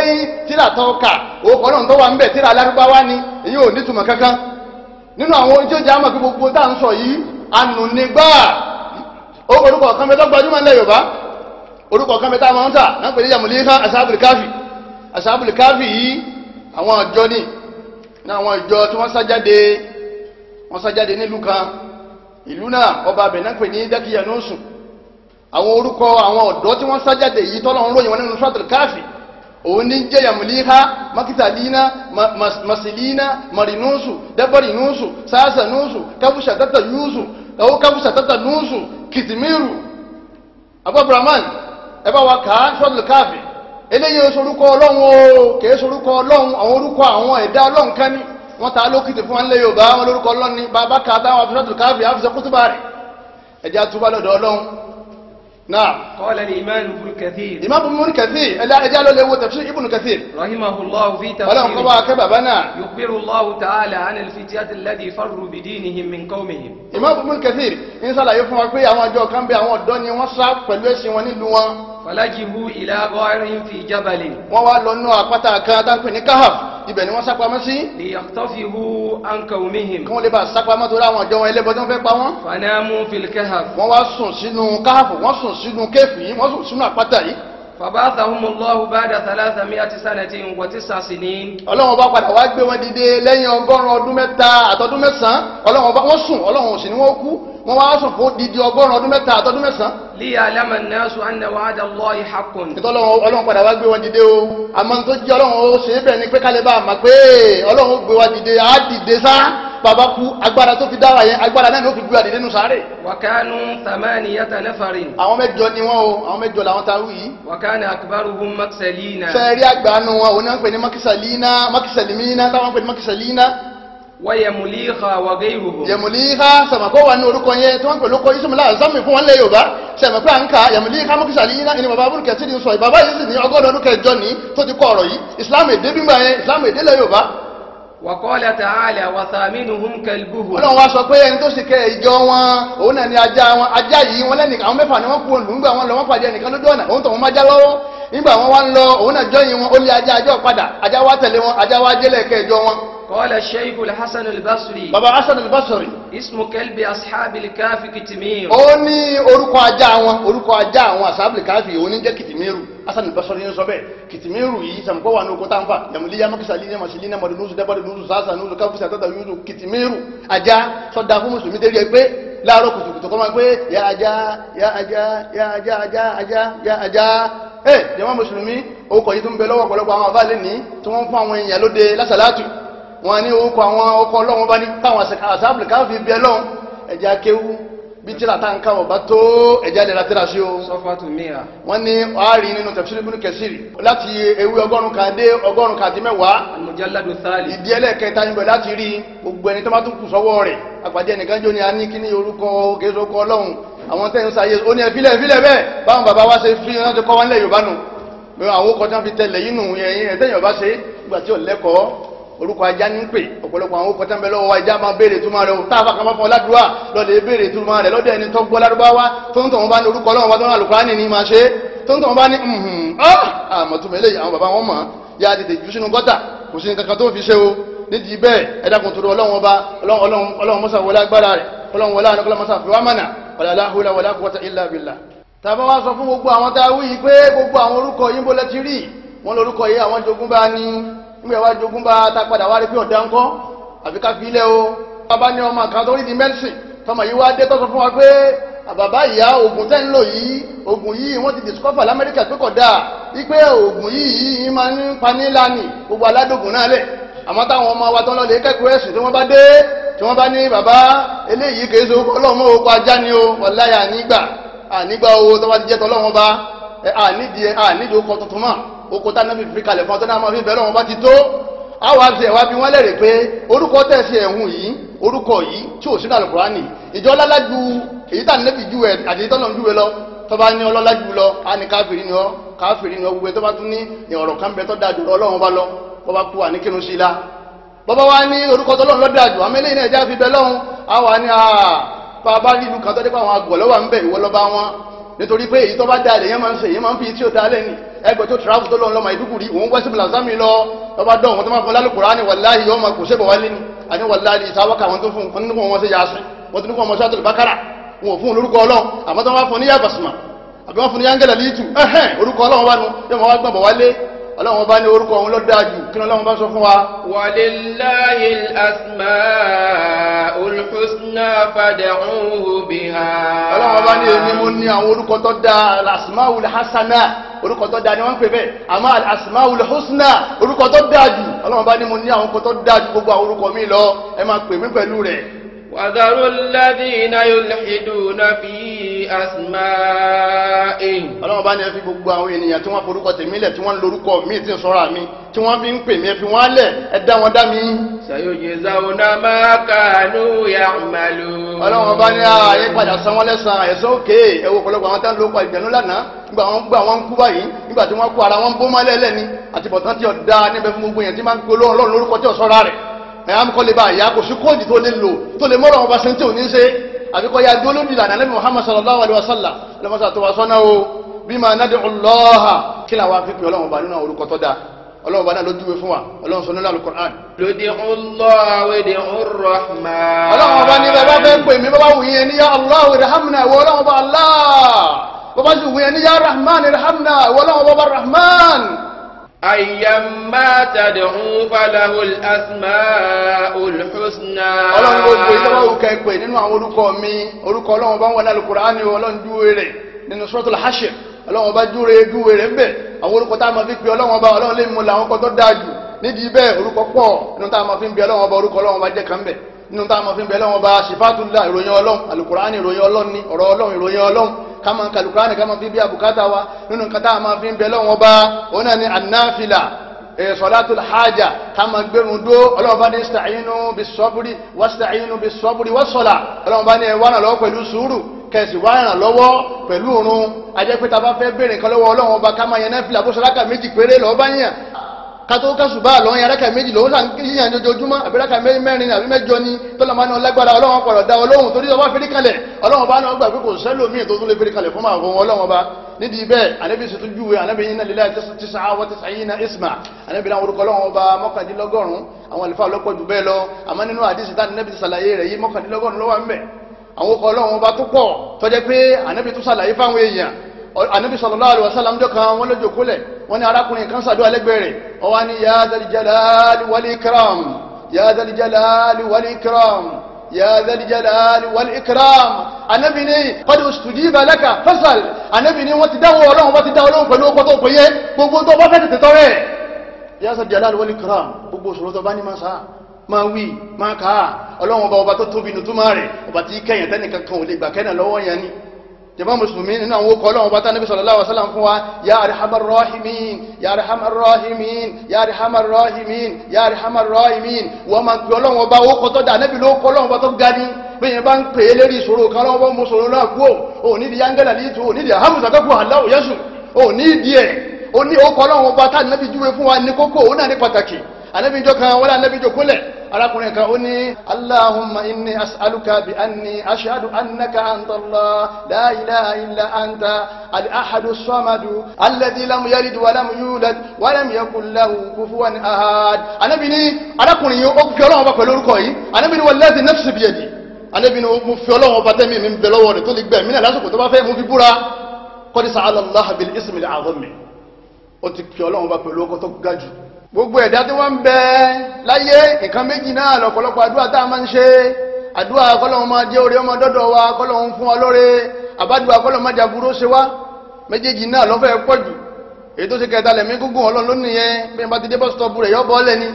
A: tíra tó kà òkò náà tó wà ńbẹ̀ tíra lárúbáwá ni èyí ò nítumọ̀ kankan nínú àwọn ojú ìjà àmọ̀ gbogbo tá à ń sọ yìí ànùnígbà ó orúkọ kan bẹ tó gbajúmọ̀ ńlẹ̀ yorùbá orúkọ kan bẹ tá a máa ń tà náà pèlè jàmùlí kan asábùlì káfì asábùlì káfì yìí àwọn ìjọ ní ní àwọn ìjọ tí wọ́n sájáde wọ́n sájáde nílùú kan ìlú náà ọba abẹ náà pè ní dákìyà ní oṣù àwọn orúkọ àwọn ọ̀dọ́ tí wọ́n sájáde yìí tọ́lọ́ ń ròyìn wọn nínú sọ́tìlì káfì òun ní jẹ́ yàmùlíhá makitadina masilina marinusu dabarinusu sasanusu kabusha tata yusu kabusa tata nusu kìtìmírù abu abdulrahman ẹ bá wa kà á sọ́dún káàfì eléyìí sorúkọ ọlọ́run o kìí sorúkọ ọlọ́run àwọn orúkọ àwọn ẹ̀dá ọlọ́run kan ní wọ́n ta lókìtì fún wọn lé yorùbá wọn lórúkọ ọlọ́run ní bàbá kà á táwọn abdulrahman káàfì àfisẹ́ kútùbà rẹ̀ نعم
D: قال الإمام ابن كثير إمام ابن كثير لا قال له
A: هو تفسير ابن كثير
D: رحمه الله في تفسيره يخبر الله تعالى عن الفتيات الذي فروا بدينهم من قومهم
A: إمام ابن كثير إن صلى يفهم أكبر يا جو كان بي أوان دوني وصعب فلوسي
D: ونلوان falajibu ila ghayrihim fi jabalin.
A: wọ́n wá lọ nú àpáta kan tá ń pè ní kahaf ibẹ̀ ni wọ́n sápamọ́ sí.
D: liyahtafihu an qawmihim. kí wọ́n
A: lè bá sápamọ́ torí àwọn àjọ wọn ẹlẹ́bọ tí wọ́n fẹ́ pa wọ́n. fanamu fil kahaf. wọ́n wá sùn sínú kahaf wọ́n sùn sínú
D: kéèfì yìí wọ́n sùn sínú àpáta yìí. fabaathahum Allahu ba'da thalatha mi'ati sanatin wa tis'a sinin. ọlọ́run bá padà wá gbé
A: wọn dìde lẹ́yìn ọgọ́rùn-ún ọdún mẹ́ta àtọdún mẹ́sàn-án ọlọ́run bá wọ́n sùn ọlọ́run ò sì ní wọ́n kú wọ́n wá sùn fún didi ọgọ́rùn ọdún mẹ́ta àtọ́dún mẹ́sàn-án.
D: liya alama nasu anna wa'ada Allahi haqqun. ìtọ́lọ́wọ́ ọlọ́run
A: padà wá gbé wọn dìde o àmọ́ tó jẹ́ ọlọ́run ó ṣe é bẹ̀ ni pé kálí bá a mà pé ọlọ́run ó gbé wa dìde á dìde sá bàbá ku agbára tó fi dá wa yẹn agbára náà ló fi gbé wa dìde nù sáré.
D: wakanu thamaniyata nafarin. àwọn mẹ́jọ ni wọn o àwọn mẹ́jọ làwọn ta wí. wakana akbaruhum makisalina. sẹ́ẹ̀rí àgbà
A: nù òun náà ń pè ní makisalina makisalimina táwọn ń pè ní makisalina
D: wọ́n yẹmùlíhà wàgé ìrùhùn.
A: yẹmùlíhà sàmàkó wà ní orúkọ yẹn tí wọ́n pè lóko ismaila azami fún wọn lé yorùbá sàmàkó à ń ka yẹmùlíhà mọ́kísà ní iná ni bàbá abúlé kẹsì ni sọ bàbá yìí sì ní ọgọ́dọ̀ ọdún kẹjọ ní tó ti kọ ọ̀rọ̀ yìí islam èdè bímọ yẹn islam èdè lẹ yorùbá.
D: wàkọ́lẹ̀ tààlà wàsàmínú hum kẹlbùhùn. ọlọ́run wa
A: sọ pé ẹni tó sì kẹ ìjọ wọn òun náà ajá wọn ajá yìí wọn lẹ́nìkan àwọn mẹ́fà ni wọ́n kú òǹdùngbà wọn lọ wọ́n pàdé ẹnìkan lójú ọ̀nà òun nígbà wọn wá ń lọ òun náà jọyìn wọn ó lé ajá ajọ́ padà ajá wá tẹ̀lé wọn ajá wá délẹ̀ kẹjọ wọn.
D: قال الشيخ الحسن البصري بابا حسن البصري اسم كلب اصحاب الكهف كتمير ó ní orúkọ ajá
A: àwọn orúkọ ajá àwọn اصحاب الكهف ó ní jẹ́ kitimiru hasan al-basri ń sọ kitimiru yìí sam ko wa no ko tan fa yamuli ya lina madu nusu dabadu nusu sasa nusu kafusa tata yudu kitimiru ajá so da fu muslimi láàárọ̀ kùtùkùtù kọ́ máa gbé ya ajá ya ajá ya ajá ajá ajá ya ajá ẹ jàmá mùsùlùmí orúkọ yìí tó ń bẹ lọ́wọ́ ọ̀pọ̀lọpọ̀ àwọn àbáàlẹ́ ní tí wọ́n ń fún àwọn èèyàn lóde lásàlátù wọn ní orúkọ àwọn ọkọ̀ ọlọ́wọ́n bá ní káwọn àṣàbùlù káfí bẹ lọ́hùn ẹ̀jẹ̀ akéwú bí tíra tá n bá tó ẹja lera tíra sí o. sọfàtú mìíràn. wọn ní ọ̀hárí nínú tafsir ibn kasir láti ewé ọgọ́rùn-ún kan dé ọgọ́rùn-ún kan àti mẹ́wàá.
D: mujalladu thali.
A: ìdí ẹlẹ́kẹta níbẹ̀ láti rí gbogbo ẹni tó bá tún kù sọ́wọ́ rẹ̀ àgbàdì ẹnìkan jó ni a ní kíní orúkọ késo kọ ọlọ́run àwọn tẹ́ ń sáyé ó ní ẹ fílẹ̀ fílẹ̀ bẹ́ẹ̀ báwọn bàbá wa ṣe fi wọn orúkọ ajá ní pè ọ̀pọ̀lọpọ̀ àwọn ọkọ̀ tẹ́ńbẹ́ lọ́wọ́ ajá máa béèrè túmọ̀ rẹ̀ tá a fà kàn máa fọ ládùúrà lọ́dẹ̀ béèrè túmọ̀ rẹ̀ lọ́dẹ̀ ẹni tó gbọ́ lárúbáwá tó ń tọ̀wọ́n bá ní orúkọ ọlọ́run tó ń àlùkò ní ní máa ṣe tó ń tọ̀wọ́n bá ní àmọ̀túnmọ̀ ah, eléyìí àwọn bàbá wọn mọ̀ ya tètè jù sínú gọ́tà kò sí nǹkan kan tó fi ṣe o nídìí bẹ́ẹ̀ ẹ dákun torí ọlọ́run ọba ọlọ́run mọ́sà wọlé agbára rẹ̀ ọlọ́run wọlé àná kọ́lọ́mọ́sà fi wá mọ̀nà wàlálà húlà wàlá kúwọ́tà ilà bìlà. tàbá wa sọ fún gbogbo àwọn tá a wí pé gbogbo àwọn orúkọ yìí ń bọ́lẹ̀ ti wọn lórúkọ yìí àwọn jogún bá ní nígbà wá jogún tá a padà wá rí pé ọ̀dà ńkọ́ àfi ká fi ilẹ̀ o bàbá ní ọmọ kan tó rí di medicine tọmọ yìí wá dé tọ́sọ fún wa pé àbàbá ìyá oògùn tẹ́ ń lò yìí oògùn yìí wọ́n ti discover lamẹ́ríkà pé kò dáa wípé oògùn yìí yìí máa ń paní lánìí gbogbo aládògùn náà lẹ̀ àmọ́ táwọn ọmọ wa tán lọ́lẹ̀ kẹ́kọ̀ọ́ ẹ̀sìn tí wọ́n bá dé tí wọ́n bá ní bàbá eléyìí kìí so ọlọ́mọ oko ajá ni o wàláyà nígbà ànígbà owó tó bá ti jẹ́ tọ́lọ́wọ́n bá ànídìí ànídìí ó kọ́ tuntun náà oko tánàbí fi kalẹ̀ fún ọtọ́nà máa fi bẹ̀rẹ̀ wọn bá ti tó àwọn àti ẹ̀wà bí wọ́n lẹ́rìí pé orúkọ tẹ̀sí ẹ̀hún yìí orúkọ yìí tí ò sínú àlùkùránì ìjọ lọ́lá ju èyí tà níbi ju ẹ̀ àti ìtọ́nà ju ẹ lọ tó ní ọlọ́lá jù lọ á ní káfìrí ni ọ káfìrí ni ọ gbogbo tó bá tún ní ọ̀rọ̀ kan bẹ tó dáa jù ọlọ́run bá lọ kó bá kú àní kírun sí i la bọ́bá wa ní orúkọ tọ́lọ́run lọ́ dáa jù àmọ́ eléyìí náà ẹ̀jẹ̀ àfi bẹ lọ́hùn á ní a bá rí kan tó dé pé àwọn àgọ̀ ń bẹ̀ ìwọ wọn nítorí pé èyí tó bá dáa lèyàn máa ń ṣe èyí máa ń fi tí ó dáa lẹ́ni ẹgbẹ́ tó travel tó lọ́n lọ́mọ ìdúkùrí òun wá sí bùlàsámi lọ tó bá dán òun tó máa fún lálùkùrá ni wàláhì yóò máa kò sébọ̀ wálé ni àní wàláhì ìsáwọ́kà wọn tó fún wọn nínú wọn ṣe yà sí wọn tó nínú wọn ṣe àtọ̀lù bákàrà wọn ò fún olórúkọ ọlọ́run àmọ́ tó máa fún ní yàbàsùmà àbí wọn fún ní yàngẹ̀lẹ̀ lítù ẹ̀hẹ́n orúkọ ọlọ́run wá nu yóò máa wá ọlọ́run bá ní orúkọ òun ló jù kí ọlọ́run bá sọ fún wa.
B: walillahi al-asma'ul husna
A: fad'uhu
B: biha. ọlọ́run bá ní èmi
A: mo ní àwọn orúkọ tó dáa al-asma'ul hasana orúkọ tó dáa ni wọ́n ń pè bẹ́ẹ̀ àmọ́ al-asma'ul husna orúkọ tó dáa jù ọlọ́run bá ní mo ní àwọn orúkọ tó dáa jù gbogbo àwọn orúkọ mi lọ ẹ máa pè mí pẹ̀lú rẹ̀.
B: وذروا الذين يلحدون في
A: asma'in. ọlọ́run bá ní ẹ fi gbogbo àwọn ènìyàn tí wọ́n forúkọ tèmi lẹ̀ tí wọ́n ń lorúkọ mi tí ń sọ́ra mi tí wọ́n fi ń pè mí ẹ fi wọ́n lẹ̀ ẹ dá wọn dá mi. sàyòjì zauna máa kàánú ya
B: màlú. ọlọ́run bá ní ààyè padà
A: san lẹ́sàn ẹ̀sán òkè ẹ̀wọ̀ ọ̀pọ̀lọpọ̀ àwọn táwọn lóko ìjẹ̀nu lánàá nígbà wọn gbà wọn kú báyìí nígbà tí wọn kú ara wọn bó mọ́lẹ́lẹ́ ni àtibọ̀tán tí ọ̀dà níbẹ̀ fún gbogbo ẹ̀yà kọ́ lè bá àyà kò sí kóòdì tó lè lò tó lè mọ́rọ̀ ọba sẹ́ńtì òní ṣe àbíkọ́ ya dúró lórí ìlànà lẹ́nu Muhammad sallallahu alaihi wasallam lọ́mọ́sá tó wá sọ́nà o bí máa nádé ọlọ́ha kí làwọn akéèké ọlọ́run ọba nínú orúkọ tó dáa ọlọ́run náà ló dúwe fún wa ọlọ́run sọ nínú alukur'an.
B: lòdì ọlọ́wé di ọrọ̀hìmá. ọlọ́run ọba ní bẹ́ẹ̀ bá fẹ́ pè wù
A: yẹn níyà aláwọ̀ rahamna wọ ọlọ́run ọba aláà bábá sì wù yẹn níyà rahman rahamna wọ ọlọ́run ọba rahman
B: ayyamma tad'u falahul asma'ul husna. ọlọ́run ló gbé sọ́wọ́
A: kẹ́pẹ́ nínú àwọn orúkọ mi orúkọ ọlọ́run bá ń wọlé alukur'an ni ọlọ́run júwe rẹ̀ nínú suratul hashir ọlọ́run bá júwe júwe rẹ̀ ń àwọn orúkọ tá a máa fi pe ọlọ́run bá ọlọ́run lè mú làwọn kọ́ tó dáa jù nídìí bẹ́ẹ̀ orúkọ pọ̀ nínú tá a máa fi ń bẹ ọlọ́run bá orúkọ ọlọ́run bá jẹ́ kan bẹ̀ nínú tá a máa fi ń bẹ ọlọ́run bá sifatullah ìròyìn ọlọ́run alukur'an ìròyìn ọlọ́run ni ọ̀rọ̀ ọlọ́run ìròyìn ọlọ́run ká máa kàlùkùránì ká máa fi bí àbùkátà wa nínú nǹkan tá a máa fi ń bẹ lọ́wọ́n bá òun náà ni anáfìlà e, sọlátù hajj ká máa gbẹrun dó ọlọ́run bá ní sàyínú bí sọ́búrì wá sàyínú bí sọ́búrì wá sọ̀là ọlọ́run bá ní ẹ wá lọ́wọ́ pẹ̀lú sùúrù kẹsì wá ràn lọ́wọ́ pẹ̀lú òrun ajẹ́pẹ́ta bá fẹ́ bèèrè nǹkan lọ́wọ́ ọlọ́run ọba yẹn náà fìlà bó sọ́láka kátó kásùbà lọ́wọ́ yẹn arákà méjì lòún sàn kí yíyan ojoojúmọ́ àbí arákà mẹ́rin àbí mẹ́jọ ni tọ́lá máa ní ọlágbára ọlọ́wọ́n pọ̀rọ̀ da ọlọ́wọ́n torí ọba fẹ́rí kalẹ̀ ọlọ́wọ́n bá náà gbà pé kò sẹ́lò míì tó tún lè fẹ́rí kalẹ̀ fún àwọn ọlọ́wọ́n bá nídìí bẹ́ẹ̀ anábì sì júwe anábì yín náà lílá tísà àwọn yín náà isma anábì náà orúkọ ọlọ́wọ́n ọba mọ́kàndínlọ́gọ́rùn-ún àwọn àlùfáà lọ́pọ̀ jù bẹ́ẹ̀ lọ àmọ́ nínú àdìsí tá anábì sàlàyé rẹ̀ yìí mọ́kàndínlọ́gọ́rùn-ún ló ń bẹ̀ àwọn ọkọ̀ ọlọ́wọ́n ọba tó pọ̀ tọ́jẹ́ pé anábì tún sàlàyé fáwọn èèyàn anabi sallallahu alaihi wasallam jọ kan wọn lójó kólẹ̀ wọn ni arákùnrin kan sàdó alẹ́gbẹ̀ẹ́ rẹ̀ wọn wá ní ya zal jalali wal ikram ya zal jalali wal ikram ya zal jalali wal ikram anabi ni qad ustujiba laka fasal anabi ni wọ́n ti dáwọ́ ọlọ́run wọ́n ti dáwọ́ ọlọ́run pẹ̀lú ọkọ̀ tó péye gbogbo tó bá fẹ́ tètè tọ́rẹ̀ ya zal jalali wal ikram gbogbo òṣòro tó bá ní máa sáà máa wí máa kàá ọlọ́run ọba ọba tó tóbi nùtúmọ̀ rẹ̀ ọba tí kẹ́yìn tẹ́nìkan kan ò lè gbà kẹ́nà jẹmọ́ mùsùlùmí nínú àwọn okọ̀ ọlọ́run bátá níbi sallallahu alaihi wasallam fún wa ya arhamar rahimin ya arhamar rahimin ya arhamar rahimin ya arhamar rahimin wọ́n máa ń pè ọlọ́run ọba okọ̀ tó dà níbi lóko ọlọ́run ọba tó ga ní bẹ́yẹn bá ń pè é lérí ìṣòro kan ọlọ́run bá mú sòrò náà kú ò nídìí yángẹ́lá ní ìtò nídìí àhámùsà tó kú àláwò yẹ́sù ò nídìí ẹ̀ ó ní okọ̀ ọlọ́run ọba tá arákùnrin kan ó ní allahumma inni as'aluka bi anni ashhadu annaka anta allah la ilaha illa anta al-ahadu as-samadu alladhi lam yalid wa lam yulad wa lam yakul lahu kufuwan ahad anabi ni arákùnrin yìí ó fi Ọlọ́run ọba pẹ̀lú orúkọ yìí anabi ni wallazi nafsi biyadi anabi ni mo fi Ọlọ́run ọba tẹmí mi ń bẹ lọ́wọ́ rẹ̀ tó lè gbẹ̀mí náà lásìkò tó bá fẹ́ gbogbo ẹ̀dá tí wọ́n ń bẹ láyé nǹkan méjì náà lọ́pọ̀lọpọ̀ àdúrà tá a máa ń ṣe àdúrà kọ́lọ́hún máa jẹ́ orí ọmọ dọ́dọ̀ wa kọ́lọ́hún fún wa lóore àbádùá kọ́lọ́hún máa jagun ó ṣe wá méjèèjì náà lọ́fẹ́ pọ̀ jù èyí tó ṣe kẹta lẹ̀mí gúngùn ọlọ́run ló nìyẹn bí wọ́n ti dé bọ́sítọ́ọ̀bù rẹ̀ yọ́ bọ́ọ̀lẹ̀ ni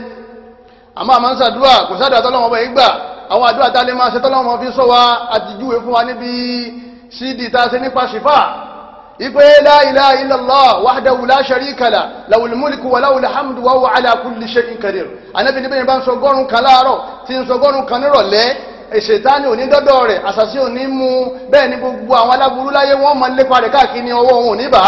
A: àmọ́ àmọ́ ń ṣàdúrà kò sádùá tọ́lọ́wọ́n bọ̀ yìí gbà àwọn àdúrà tá a lè máa ṣe tọ́lọ́wọ́n fi sọ wa àtijúwe fún wa níbi sídìí tá a ṣe nípa ṣìfà ipe la ilaha illallah wahdahu la sharika la lahul mulku wa lahul hamdu wa huwa ala kulli shay'in qadir anabi ni bẹ́ẹ̀ bá ń sọ gọ́rùn kan láàárọ̀ tí ń sọ gọ́rùn kan nírọ̀lẹ́ ṣètánì òní dọ́dọ̀ rẹ̀ àṣàṣì òní mú bẹ́ẹ̀ ni gbogbo àwọn aláburú láyé wọ́n máa lépa rẹ̀ káàkiri ní ọwọ́ wọn òní bá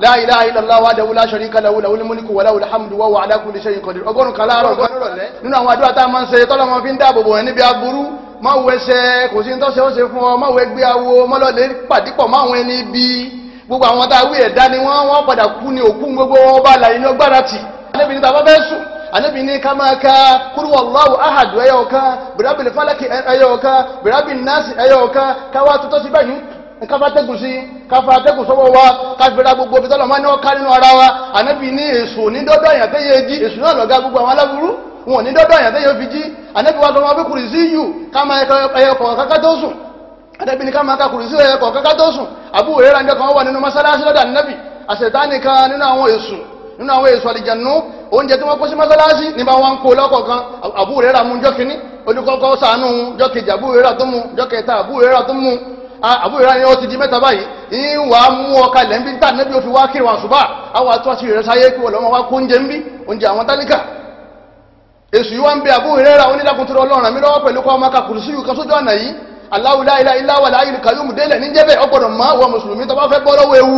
A: la ilaha illallah wahdahu la sharika lahu lahul mulku wa lahul hamdu wa huwa ala kulli shay'in qadir ọgọ́rùn kan láàárọ̀ ọgọ́rùn nírọ̀lẹ́ nínú àwọn àdúrà tá a máa ń ṣe tọ́lọ́mọ fi ń dáàbò bò yẹn níbi aburú má wo ẹsẹ̀ kò sí ní tọ́sẹ̀ ó ṣe fún ọ má wo ẹgbẹ́ awo má lọ lè pàdípọ̀ má wọn ẹni bíi gbogbo àwọn tá a wí ẹ̀dá ni wọ́n wọ́n padà kú ni òkú gbogbo wọn bá la iná gbára tì anábìíní tá a bá fẹ́ sùn anábìíní ká máa ka kúrú wàláwù ahàdù ẹyọ kan bìrábìlì fálákì ẹyọ kan bìrábìlì náàsì ẹyọ kan káwá tuntun sí báyìí káfá tẹ́kùn sí káfá tẹ́kùn sọ́wọ́ wa káfíra gbogbo ibi tọ́lọ̀ máa ní ọ̀ká nínú ara wa anábìíní èso onídọ́dọ̀ àyàn tẹ́ yé jí èso náà gbogbo àwọn aláburú wọn ní wa sọ adẹ́bí ní aka máa ya sílẹ̀ ẹ̀kọ́ Abu Hurairah ń dẹ́kan wà nínú mọ́sálásí lọ́dà nẹ́bì àṣetánì kan awon àwọn èṣù nínú àwọn èṣù àlìjànú oúnjẹ tí wọ́n kó sí mọ́sálásí ní bá wọn Abu Hurairah mun jọ́ kínní olùkọ́kọ́ sànú sanu kejì Abu Hurairah tó mú jọ́ kẹta Abu Hurairah tó A Abu Hurairah ni ó ti di mẹ́ta báyìí yín wà á mú ọkà lẹ́ńbí tá nẹ́bí ó fi wá kiri Abu Allahu la ilaha illa huwa al-hayyul qayyum délẹ̀ níjẹ́ bẹ́ẹ̀ ọgbọ̀dọ̀ mọ́ àwọn mùsùlùmí tó bá fẹ́ bọ́ lọ́wọ́ ewu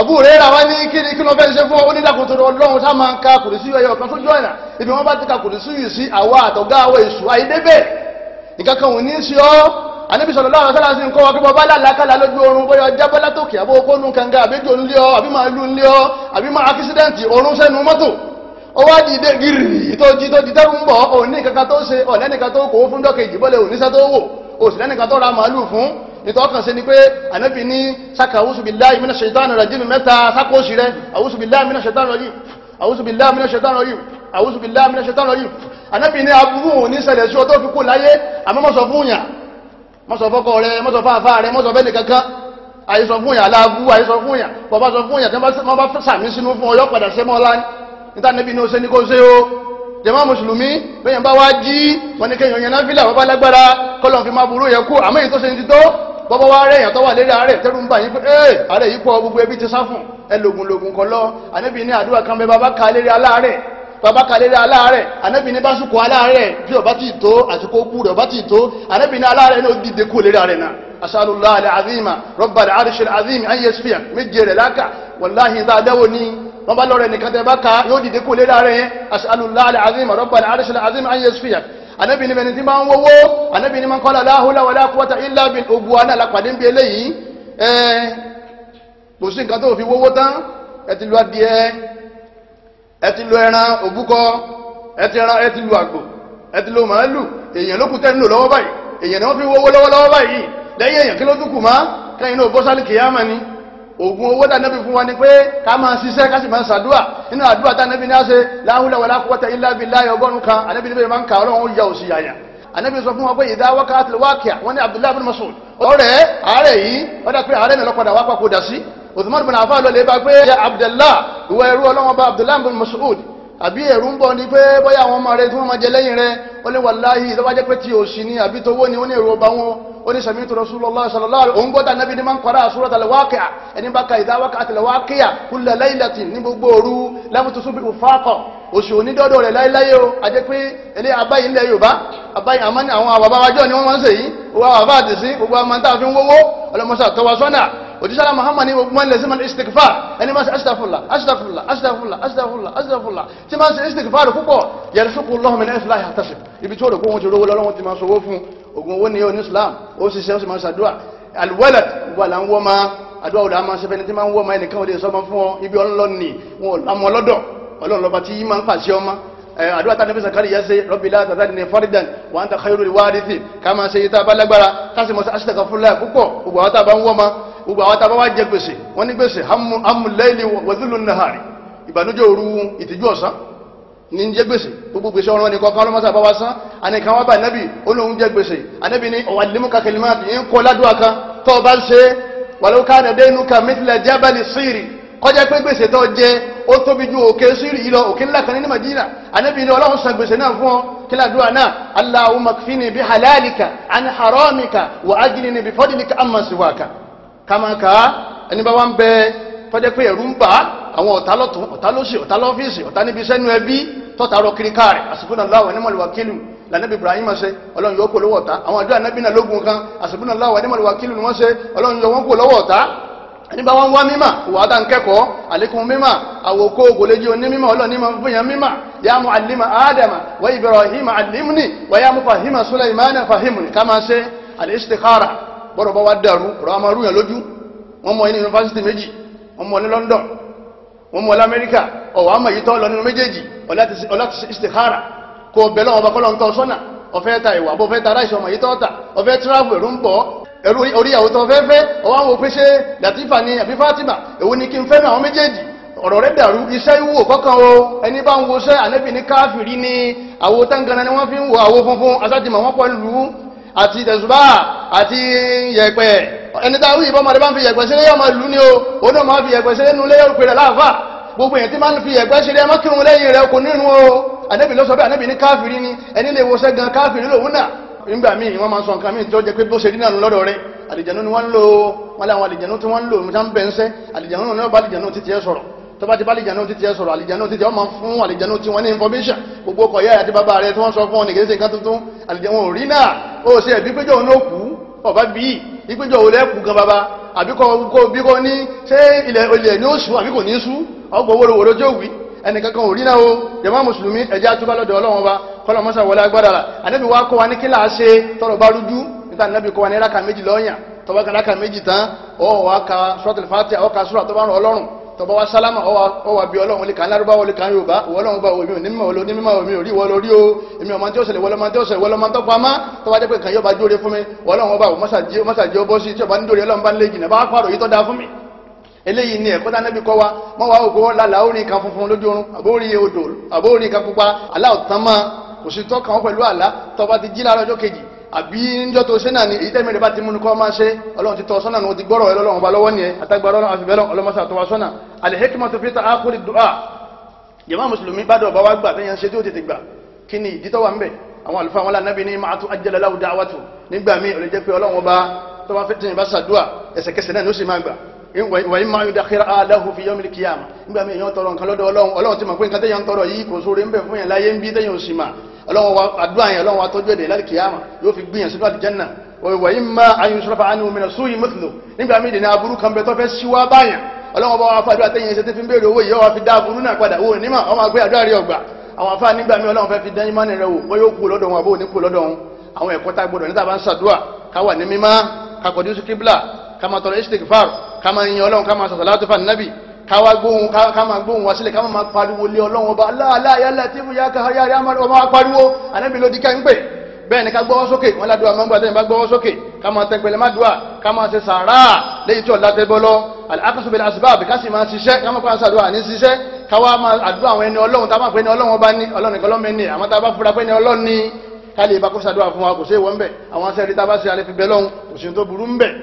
A: Abu Hurairah wá ní kí ni kí ló fẹ́ ṣe fún onídàkùn tó lọ́run sá máa ń ka kùrìsí ẹyọ kan sójú ọ̀nà ibi wọ́n bá ti ka kùrìsí yìí sí àwa àtọ̀gá àwọ̀ èṣù àìdébẹ̀ nǹkan kan ò ní sí ọ́ Ànábì sallallahu alaihi wasallam ń kọ́ wa kí wọ́n bá làlákàlà lójú oorun bóyá jábọ́lá tòkè àbó okónú kanga àbíjò ńlẹ́ ọ àbí máa lù ńlẹ́ ọ àbí máa akísídẹ́ǹtì oorun sẹ́nu mọ́tò ó wá dìde gírì tó jí tó jí tẹ́rù ń bọ̀ òní kankan tó ṣe ọ̀nẹ́nìkan tó kò ó fún dọ́kejì bọ́lẹ̀ òníṣẹ́ tó wò oṣù lẹ́nìkan tó ra màálù fún ìtọ́kàn sí ni pé ànábì ní sáka àwùsùbìlá ìmínà ṣètánù rẹ̀ jíìmù mẹ́ta sáko oṣù rẹ̀ àwùsùbìlá ìmínà ṣètánù rẹ̀ yìí àwùsùbìlá ìmínà ṣètánù rẹ̀ yìí àwùsùbìlá ìmínà ṣètánù rẹ̀ yìí ànábì ní aburú òun ní ṣẹlẹ̀ sí ọtọ́ fi kú láyé àmọ́ mọ́sọ̀ fún yàn mọ́sọ̀ fọ́kọ rẹ̀ mọ́sọ̀ fáfá rẹ̀ mọ́sọ̀ bẹ́ẹ̀ kankan àyíṣọ fún yàn aláàbú àyíṣọ fún yàn jàmá mùsùlùmí bẹ́ẹ̀ yẹn bá wá jí wọn ni kéèyàn yẹn náfìlà wọn bá lágbára kọ́lọ̀ fi máa burú yẹn kú àmọ́ èyí tó ṣe ti tó bọ́bọ́ wá rẹ̀ yẹn tó wà lérí àárẹ̀ tẹ́rù ń bà yín pé yìí pọ̀ gbogbo ẹbí ti sá fún ẹ lògùn lògùn kọ́ lọ ànábì ní àdúrà kan bẹ bàbá ka lérí aláàárẹ̀ bàbá ka lérí aláàárẹ̀ ànábì ní básùkò aláàárẹ̀ bí ọba ti tó àsìkò kú rẹ̀ ọba ti tó ànábì ní aláàárẹ̀ náà dìde kú lérí àárẹ̀ náà asálùlá alẹ́ azima rọ́bàdà àríṣẹ́ azim ayé sfíà méje rẹ̀ láka wàláhì dáadáwò ní wọn bá lọrọ ẹnìkan tẹ bá ka yóò dìde kó lé láàrin yẹn as'alullah al-azim rabb al-arsh al-azim an yasfiyak anabi ni mẹni tí máa ń wọwọ anabi ni máa ń kọ́ la hawla wala quwwata illa billah ogun àná alápàdé ń bi eléyìí ẹ kò sí nǹkan tó fi wọwọ tán ẹ ti lu adìẹ ẹ ti lu ẹran òbúkọ ẹ ti ran ẹ ti lu àgbò ẹ ti lu màálù èèyàn ló kù tẹ́ ń lọ́wọ́ báyìí èèyàn ni wọ́n fi wọwọ lọ́wọ́lọ́wọ́ báyìí lẹ́yìn èèyàn kí ló dúkù má kẹ́yìn náà bọ́sálì kìyàmá ni oògùn owó dànẹ́bí fún wa ni pé ká máa ṣiṣẹ́ ká sì máa ṣàdúà nínú àdúà dànẹ́bí ní àṣẹ láhùlẹ̀ wàlá quwwata illa billahi ọgọ́rùn kan ànẹ́bí níbẹ̀ máa ń kà ọlọ́run ya òsì yàyà ànẹ́bí sọ fún wa pé ìdá wákàtí wákìá wọ́n ní abdullahi bin mas'ud ọ̀rẹ́ àárẹ̀ yìí wọ́n pé àárẹ̀ náà lọ́padà wá papòdà sí uthman bin affan lọ́lẹ̀ bá pé ya abdullah ìwọ ẹrú ọlọ́wọ́n bá abdullahi bin mas'ud àbí ẹ̀rú ń bọ̀ ni pé bóyá àwọn ọmọ rẹ tí wọ́n máa jẹ lẹ́yìn rẹ ó ní wàláhì ìdọ́wájẹ́ pé tí òsì ni àbí towó ni ó ní èrò ọba wọn oníṣẹ́mi tó Rasulullah sallallahu alaihi òun gbọ́dọ̀ nàbí ni máa ń kọ́ra surat al-Waqi'a ẹni bá ka idha waqa'at al-waqi'a kulla laylatin ní gbogbo òru lámùtúsù bí òfàkọ̀ oṣù onídọ́dọ̀ rẹ̀ láíláyé o a jẹ́ pé ilé abáyé ilẹ̀ Yorùbá abáyé àmọ́ ni àwọn àbàbá wájọ́ ni wọ́n máa ń sèyí owó àbàbá àdìsí gbogbo àmọ́ tá a fi ń wówó ọlọmọṣà tọwọ́ sọ́nà òjíṣẹ́lá Muhammad ní gbogbo ẹni lẹ́sìn istikfar ẹni máa ṣe astaghfirullah astaghfirullah astaghfirullah astaghfirullah astaghfirullah tí máa ṣe istikfar púpọ̀ yarzuqullahu min ẹ̀fìlá àtàṣe ibi tí ó rò pé wọ́n ti rówó lọ́wọ́ ti máa sọ owó fún ogun owó ní oní islam ó ṣiṣẹ́ ó sì máa ṣàdúrà alwalad wà là ń wọ́ ma àdúrà òdà máa ṣe fẹ́ni tí máa ń wọ́ ma ẹnìkan òde sọ́mọ fún ọ ibi ọlọ́ni wọn àmọ́ ọlọ́dọ̀ ọlọ́run lọ́ba tí yí máa ń pàṣẹ ọmọ àdúrà tánà fẹsẹ̀ kárí yẹsẹ̀ rọ́bì látàtà ní fọ́rídàn wà ń ta khayrul warithi ká máa ṣe yíta bá lágbára ká sì mọ̀ sí aṣítàkà fúnlẹ̀ púpọ̀ gbogbo àwọn tá a bá ń wọ́ ma gbogbo àwọn tá a òru ìtìjú ọ̀sán ní jẹ gbèsè gbogbo gbèsè ọ̀rọ̀ ní kọkàn ọlọmọsà bá wa sán àníkan wá bá nẹbì olóhùn jẹ gbèsè ànẹbì ní ọwà lẹmú kakẹlẹ máa fi ń kọ ládùá kan tó o bá ń ṣe wàlúù ká nàdé inú ka mẹtìlẹ jábàlì sírì kọjá pé gbèsè tó jẹ ó tóbi ju òkè sírì yìí lọ òkè ńlá kan ní Madina ànẹbì ní Ọlọ́run san gbèsè náà fún ọ kílá dùá náà Allahumma kfini bi halalika an haramika wa ajlini bi fadlika amma siwaka kàmáka ẹni bá wà ń bẹ́ẹ̀ tọ́jẹ́ pé ẹ̀rú ń bà á àwọn ọ̀tá lọ́tún ọ̀tá lọ́sì ọ̀tá lọ́fíìsì ọ̀tá níbi sẹ́nu ẹbí tọ́ta rọ kiri káàrì àsìkúnà láwọ̀ ẹni mọ̀lúwà kílù lànàbí Ibrahim ṣe ọlọ́run yóò kó lọ́wọ́ ọ̀tá àwọn àdúrà nàbí náà lógun kan àsìkúnà láwọ̀ ẹni mọ̀lúwà kílù ni wọ́n ṣe ọlọ́run yóò wọ́n kó lọ́wọ́ ọ̀tá ẹni bá wọn wá mímà wàá dá nkẹ́kọ̀ọ́ àlékún mímà àwòkó ògòlejì onímímà ọlọ́ni máa mímà yà mú àlímà ádámà wà Ibrahim àlímùnì wà yà mú fàhímà Sulaimana fàhímùnì ká máa ṣe àlè istikhara bọ́dọ̀ bá wá dàrú ọ̀rọ̀ àmọ́ rúyàn lójú wọ́n mọ yín yunifásitì méjì wọ́n ní London wọ́n mú ọ lamẹ́ríkà ọ̀wọ́ àmọ̀ yìí tọ́ lọ nínú méjèèjì ọ̀láti istikhara kò bẹ̀ lọ́wọ́ ọbakọ́lọ́ ń tọ́ sọ́nà ọ̀fẹ́ ta ìwà bó fẹ́ ta aláìsàn ọmọ yìí tọ́ ta ọ̀fẹ́ tíráàbù ẹ̀rú ń bọ̀ ẹ̀rú oríyàwó tó fẹ́ fẹ́ ọwọ́ àwọn òpin ṣe Latifa ni àbí Fatima èwo ni kí n fẹ́ ní àwọn méjèèjì ọ̀rọ̀ rẹ̀ dàrú iṣẹ́ ìwò kọ́kàn o ẹni bá ń wo iṣẹ́ ànẹ́bì ní káfìrí ni àwo tángana ni wọ́n fi ń wo àwo funfun asájìmọ̀ wọ́n pọ̀ lù ú àti tẹ̀sùbá àti yẹ̀pẹ̀ ẹni tá a wí ìbọn ọmọdé ń fi yẹ̀pẹ̀ sílé ọmọ ìlú ni o òun náà máa fi yẹ̀pẹ̀ sílé nulẹ̀ yóò pèrè láàfà gbogbo èyàn tí máa ń fi yẹ̀pẹ̀ sílé ẹmọ kírun lẹ́yìn rẹ̀ kò nínú o ànábì ló sọ bẹ́ẹ̀ ànábì ní káfìrí ni ẹni lè wo sẹ́gan káfìrí lòun náà nígbà míì wọ́n máa ń sọ nǹkan míì tó jẹ́ pé bó ṣe rí náà lọ́dọ̀ rẹ̀ àlìjẹ̀nú ni wọ́n ń lò wọ́n láwọn àlìjẹ̀nú tí wọ́n ń lò ní sáà ń bẹ̀ ń sẹ́ àlìjẹ̀nú ni bá àlìjẹ̀nú títí ẹ sọ̀rọ̀ tó bá ti bá àlìjànú títí ẹ sọ̀rọ̀ àlìjànú títí ọmọ fún àlìjànú tí wọ́n ní information gbogbo ọkọ̀ yáyà àti bàbá rẹ tí wọ́n sọ fún ọ nìkan sí nǹkan tuntun àlìjànú ò rí náà ó ṣe ẹ̀bí péjọ òun ló kú ọ̀bá bí ìpéjọ òun lẹ́kù gan bàbá àbí kọ́ bí kọ́ ní ṣé ilẹ̀ ilẹ̀ ní oṣù àbí kò ní sú ọgbọ̀n wòlòwòlò jẹ́ òwì ẹnìkankan ò rí náà o jàmá mùsùlùmí ẹ̀jẹ̀ àtúbà lọ́dọ̀ ọlọ́run ọlọ́run tọba wa sálámà ọwà bí ọlọ́run olè kan lárúbá olè kan yorùbá ìwọlọ́run bá omi òní mímọ̀ olóní mímọ̀ omi òrí ìwọ lórí o èmi ọmọ tí ó ṣẹlẹ̀ ìwọlọ́ ọmọ tí ó ṣẹlẹ̀ ìwọlọ́ ọmọ tó pa má tọba jẹ́ pé kan yóò bá jóore fún mi ìwọlọ́run ọba mọ́sàjẹ́ ó bọ́ sí tí ọba nítorí ọlọ́run bá ń lé jìnà bá pààrọ̀ yìí tó dáa fún mi eléyìí ni ẹ̀kọ́ tánẹ́bí kọ́ wa mọ́ wa ògbó lálà orin kan funfun lójú oorun àbórí odò àbórí kan pupa aláwọ̀ tán máa kò sí tọ́kàn pẹ̀lú àlá tọba ti jí láàárọ̀ ọjọ́ kejì àbí níjọ́ tó ṣe náà ni èyí tẹ́mi rẹ̀ bá ti mú ní kọ́ máa ṣe ọlọ́run ti tọ́ sọ́nà ní o ti gbọ́rọ̀ ẹlọ́run ọba lọ́wọ́ nìyẹn àtàgbàrọ̀ ọlọ́run àfi bẹ́lọ́ ọlọ́mọṣà tó wá sọ́nà tó fi ta akuri dua jàmá mùsùlùmí bá dọ̀ọ̀bá wá gbà tẹ́yàn ṣe tí ó tètè gbà kí ni ìdí tó ń bẹ̀ àwọn àlùfáà ni ó sì máa gbà wàyí máa yọ̀dá kíra aláhu fi yọ́mìlì kíyàmà nígbà míì èèyàn tọrọ nǹkan lọ́dọ̀ ọlọ́run ọlọ́run ti mọ̀ pé nǹkan tẹ̀yàn tọrọ yìí kò sóore ń bẹ̀ fún yàn láyé ń bí tẹ̀yàn ò máa ọlọ́wọ́n wa àdúrà yẹn ọlọ́wọ́n wa tọ́jú èdè láti kìyàmà yóò fi gbìyànjú sínú àlùjánnà wọ̀nyí wọ̀nyí má ayùnsọ́fà ánú mi náà sóyún mọ́tìlò nígbà míì dènà aburú kan bẹ tó fẹ́ síwá báyà ọlọ́wọ́n bá wà fún àdúrà tẹ́yìn ṣe tí fi ń béèrè owó yìí wà fi dá aburú náà padà wò ní mà ọmọ àgbé àdúrà rí ọgbà àwọn afá nígbà míì ọlọ́wọ́n fẹ́ fi dán ìmánì rẹ wò wọ́n yóò kú lọ́dọ̀ wọn àbó ní kú lọ́dọ̀ wọn àwọn ẹ̀kọ́ tá gbọdọ̀ níta bá ń ṣàdúrà ká wà ní mímá ká kọjú ká máa tọrọ istikfar ká máa yin ọlọ́run ká máa sàtàlátù fún ànábì káwá gbóhùn ká máa gbóhùn wá sílẹ̀ ká máa pariwo lé ọlọ́run ọba aláàláyà látìmú yá káyà rí ọmọ apariwo anábì ló di ká ń pè bẹ́ẹ̀ ni ká gbọ́wọ́ sókè wọn ládùúgbà máa ń gbà tẹ́yìn bá gbọ́wọ́ sókè ká máa tẹ pẹ̀lẹ́ mádùúà ṣe sàárà léyìí tí ọ̀la tẹ bọ́ lọ àkàṣùbẹ̀ àṣùbà máa ṣiṣẹ́ ká pa àṣàdùà ní ṣiṣẹ́ káwá máa àdúrà àwọn ẹni ọlọ́run a máa pè ní ọlọ́run ọba ní ọlọ́run ìkọlọ́ mi ní àmọ́ a bá fura pé ní ọlọ́run ní ká lè bá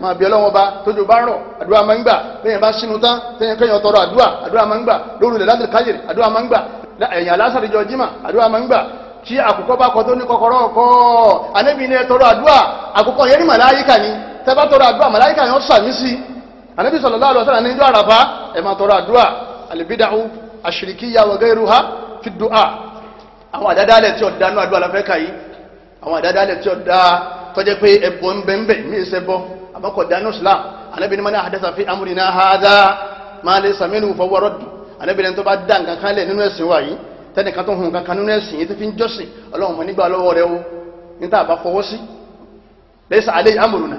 A: máa bí ọlọ́wọ́n bá tójú bá rọ̀ àdúrà máa ń gbà lẹ́yìn bá sínú tán tẹ́yìn kẹ́yìn ọ̀tọ̀rọ̀ àdúrà àdúrà máa ń gbà lórí ilẹ̀ láti káyèrè àdúrà máa ń gbà ẹ̀yìn alásàdìjọ jimá àdúrà máa ń gbà tí àkùkọ bá kọ tó ní kọ́kọ́rọ́ kọ́ anẹ́bí ní ẹ̀tọ́rọ̀ àdúrà àkùkọ yẹn ní màláyíkà ni tẹ́bá tọrọ àdúrà du'a àwọn àdádálẹ̀ tí ọ̀dá náà àdúrà lọ́fẹ́ kà yìí àwọn àdádálẹ̀ tí ọ̀dá tọ́jẹ́ pé ẹ̀bọ̀ ń bẹ̀ ń bẹ̀ mí àbọ̀kọ̀ dánú islam anábìnrin mọ́ni àdẹ́sà fi amúrinà hádá máa lè sàmínú fọwọ́rọ́dù anábìnrin tó bá dá nǹkan kan lẹ̀ nínú ẹ̀sìn wáyé tẹ́nìkan tó hun kankan nínú ẹ̀sìn yìí tó fi ń jọ́sìn ọlọ́run mọ̀ nígbà lọ́wọ́ rẹ o níta àbá fọwọ́ sí lẹ́sà alẹ́ amúrinà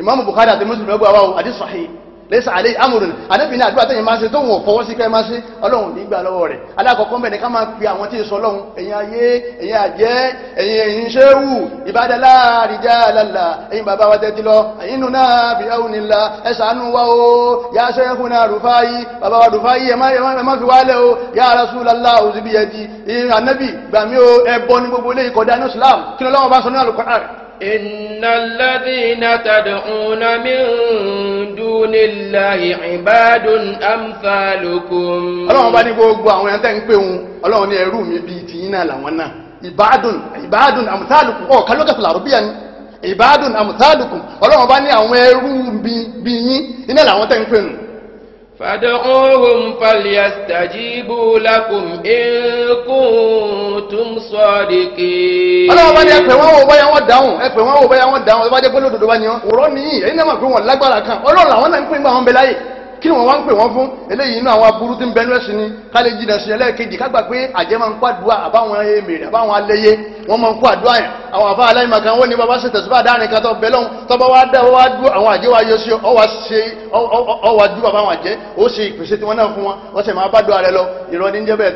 A: ìmáàmù Bukhari Muslim lọ́gbà wa o àdìsọ̀hìn lẹ́sà alẹ́ amòrùn ànábì ní àdúrà tẹ́yìn máa ṣe tóun ọ̀fọwọ́ sí kẹ́ máa ṣe ọlọ́run nígbà lọ́wọ́ rẹ̀ alákọ̀ọ́kọ́ mẹ́rin ká máa pe àwọn tí ń sọ ọlọ́run ẹ̀yin ayé ẹ̀yin àjẹ́ ẹ̀yin ẹ̀yin ṣéwù ìbádàlá àríjà lálà ẹ̀yin bàbá wa tẹ́tí lọ ẹ̀yin nù náà bí ẹ̀hún nílá ẹ ṣàánú wa o yà ṣẹ́kùn náà rúfáyì bàbá wa rúfáyì ẹ má fi wálẹ̀ o yà Rasulullah òsibíyẹ ti ànábì gbàmí o ẹ̀bọ ní gbogbo ilé ìkọ̀dá ní Islam kí lọ́wọ́ bá sọ ní àlùkò àrẹ
B: إن الذين تدعون من دون الله عباد أمثالكم
A: ọlọ́run bá ní gbogbo àwọn ẹ̀yàn tẹ́ ń pè wọn ọlọ́run ní ẹrú mi bíi tìyín náà làwọn náà ìbádùn ìbádùn àmùtálùkùn ọ̀ kálọ́kẹ́sì làrúbíà ni ìbádùn àmùtálùkùn ọlọ́run bá ní àwọn ẹrú bíi yín iná làwọn tẹ́ ń pè wọn.
B: فادعوهم فليستجيبوا لكم إن كنتم صادقين. ọlọ́wọ́ bá ní ẹ̀pẹ̀ wọn wò
A: báyà wọn dáhùn ẹ̀pẹ̀ wọn wò báyà wọn dáhùn ẹ bá jẹ́ pé lódodo bá ní wọn. òrọ́ kí ni wọ́n wá ń pè wọ́n fún eléyìí inú àwọn aburú tí ń bẹnu ẹ̀sìn ni ká lè jìnà sí ẹlẹ́ẹ̀kejì ká gbà pé àjẹ́ máa ń kó àdúrà àbáwọn èmèrè àbáwọn alẹ́yẹ wọ́n máa ń kó àdúrà yẹn àwọn àbá aláìmọ̀ kan wọ́n ní bàbá ṣe tẹ̀síbà dáhùn kan tó bẹ̀ lọ́hùn tọ́ba wá dá wá dú àwọn àjẹ́ wa yọ sí ọwà ṣe ọwà dú bàbá àwọn àjẹ́ ó ṣe ìpèsè tí wọ́n náà fún wọn wọ́n sì máa bá dọ́ ààrẹ lọ ìrọ̀lẹ́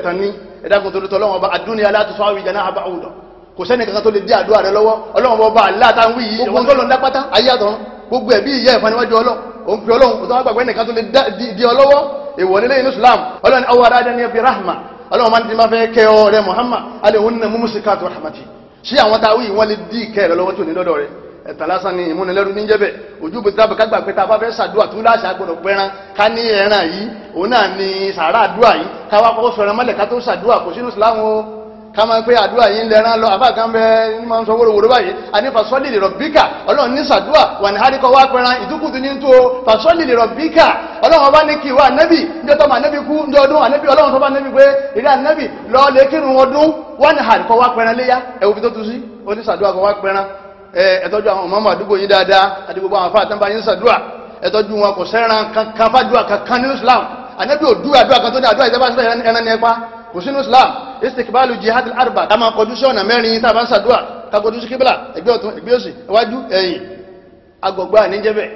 A: kò sẹ́ni tó lè dí àdúrà rẹ lọ́wọ́ ọlọ́run ọba aláàtàwí yìí gbogbo ń tọ́lọ́ ń dápátá ayé àtọ̀run gbogbo ẹ̀bí ìyá ẹ̀fọn níwájú ọlọ́run òun fi ọlọ́run kò tó wá gbàgbé nìkan tó lè di ọlọ́wọ́ èèwọ̀ nílé islam ọlọ́run ni awọ́ adájọ́ ní ẹbí rahma ọlọ́run máa ń ti máa fẹ́ kẹ́ ọ rẹ muhammad alẹ́ òun nà múmú síkà rahmati ṣé àwọn táwí ìwọ́n lè dí ìkẹ́ rẹ lọ́wọ́ tó ní lọ́dọ̀ rẹ ẹ̀tàn lásán ni ìmúnilẹ́rú ní jẹ́bẹ̀ ojú bó tábà kágbà pé tábà fẹ́ sàdúà tó láṣà gbọdọ̀ pẹ́ran ká ní ẹran yìí òun náà ni sàrà àdúà yìí káwá kọ́kọ́ sọ̀rọ̀ mọ́lẹ̀ ká tó sàdúà kò sínú ìsìláàmù ká máa pé àdúrà yìí ń lẹ́ran lọ àbá kan bẹ́ẹ̀ ní máa ń sọ wóróworó báyìí àní fasọ́lì lè rọ̀ bíkà ọlọ́run ní sàdúà wà ní hárikọ́ wá pẹran ìdúkùtù ní tó fasọ́lì lè rọ̀ bíkà ọlọ́run ọba ní kí wá ànẹ́bì ní ọtọ́ mà ànẹ́bì kú ní ọdún ànẹ́bì ọlọ́run tó bá ànẹ́bì pé ìrí ànẹ́bì lọ lè kírun ọdún wà ní hárikọ́ wá pẹran léyà ẹ̀wù fi tó tu sí oní sàdúà kan wá pẹran ẹ̀tọ́jú àwọn ọmọ àdúgbò yín dáadáa àdúgbò àwọn afá àtàǹbá yín sàdúà ẹ̀tọ́jú wọn kò sẹ́ran kan fájúà kankan ní Islam ànẹ́bì ò dúró àdúrà kan tó ní àdúrà ìjọba sílẹ̀ ẹran ní ẹpa kò sínú islam istikbalu jihad arba ká máa kọjú sí ọ̀nà mẹ́rin tá a bá ń ṣàdúrà ká kọjú sí kíbla ẹgbẹ́ ọ̀tún ẹgbẹ́ òsì iwájú ẹ̀yìn agọ̀gbà níjẹ́bẹ̀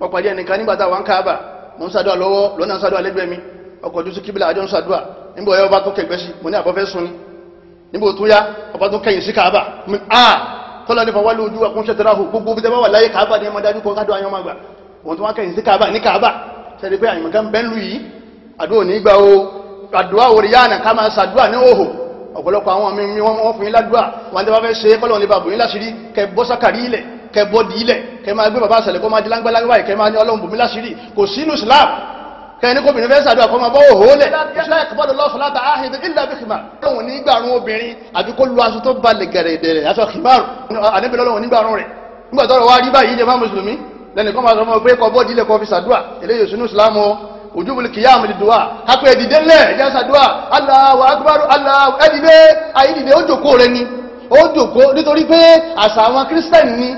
A: wọ́n pàdé ẹnìkan nígbà táwọn káàbà mò ń ṣàdúrà lọ́wọ́ lọ́nà ń ṣàdúrà lẹ́gbẹ̀ẹ́ mi ọkọ̀ ojú sí kíbla àjọ ń ṣàdúrà níbo ọyọ́ bá tó kẹgbẹ́ sí mo ní àbọ̀fẹ́ sun ni níbo tó yá ọba tó kẹyìn sí káàbà mi a kọ́lá nípa wálé ojú wa kún ṣe tẹ́lá hù gbogbo bí tẹ́lá wà láyé káàbà ní ẹmọ dájú kọ́ kádọ́ ayọ́ máa gbà òun tó o àdúrà òrìyá àná ká máa ṣàdúrà ní òhò ọ̀pọ̀lọpọ̀ àwọn mímí wọ́n fún yín ládùúà wọn tẹ́ bá fẹ́ ṣe kọ́lọ̀ ní bàbá yín láṣìírí kẹ bọ́ sákàrí ilẹ̀ kẹ bọ́ di ilẹ̀ kẹ máa gbé bàbá àṣẹlẹ̀ kọ́ máa di lágbálágbá báyìí kẹ máa ní ọlọ́run bùnmí láṣìírí kò sínú Islam kẹni kó obìnrin fẹ́ sàdúrà kọ́ máa bọ́ òhó lẹ̀ ìṣẹ́kọ̀bọ́dọ̀ lọ́sọ̀ láta áhìdì ilẹ̀ abikima lọ́wọ́ nígbàrún obìnrin àbí kó lu aṣọ tó balẹ̀ gẹ̀rẹ̀dẹ̀rẹ̀ aṣọ kìmáàrù àníbi lọ́wọ́ nígbàrún rẹ̀ nígbà tọ́rọ̀ wá rí báyìí jẹ́ máa mùsùlùmí lẹ́nìkan máa sọ fún ọ pé kọ́ bọ́ọ̀dì ilẹ̀ kọ́ fi sàdúrà eléyìí sínú ìsìlámù ojúbọlẹ kìyà àmì dùwà àpò ẹdìdẹ lẹ ẹjànsá dùwà Allahu akbar Allahu ẹdìdẹ àyídìdẹ ó jòkó rẹ ni ó jòkó nítorí pé àṣà àwọn kírísítẹ́nì ni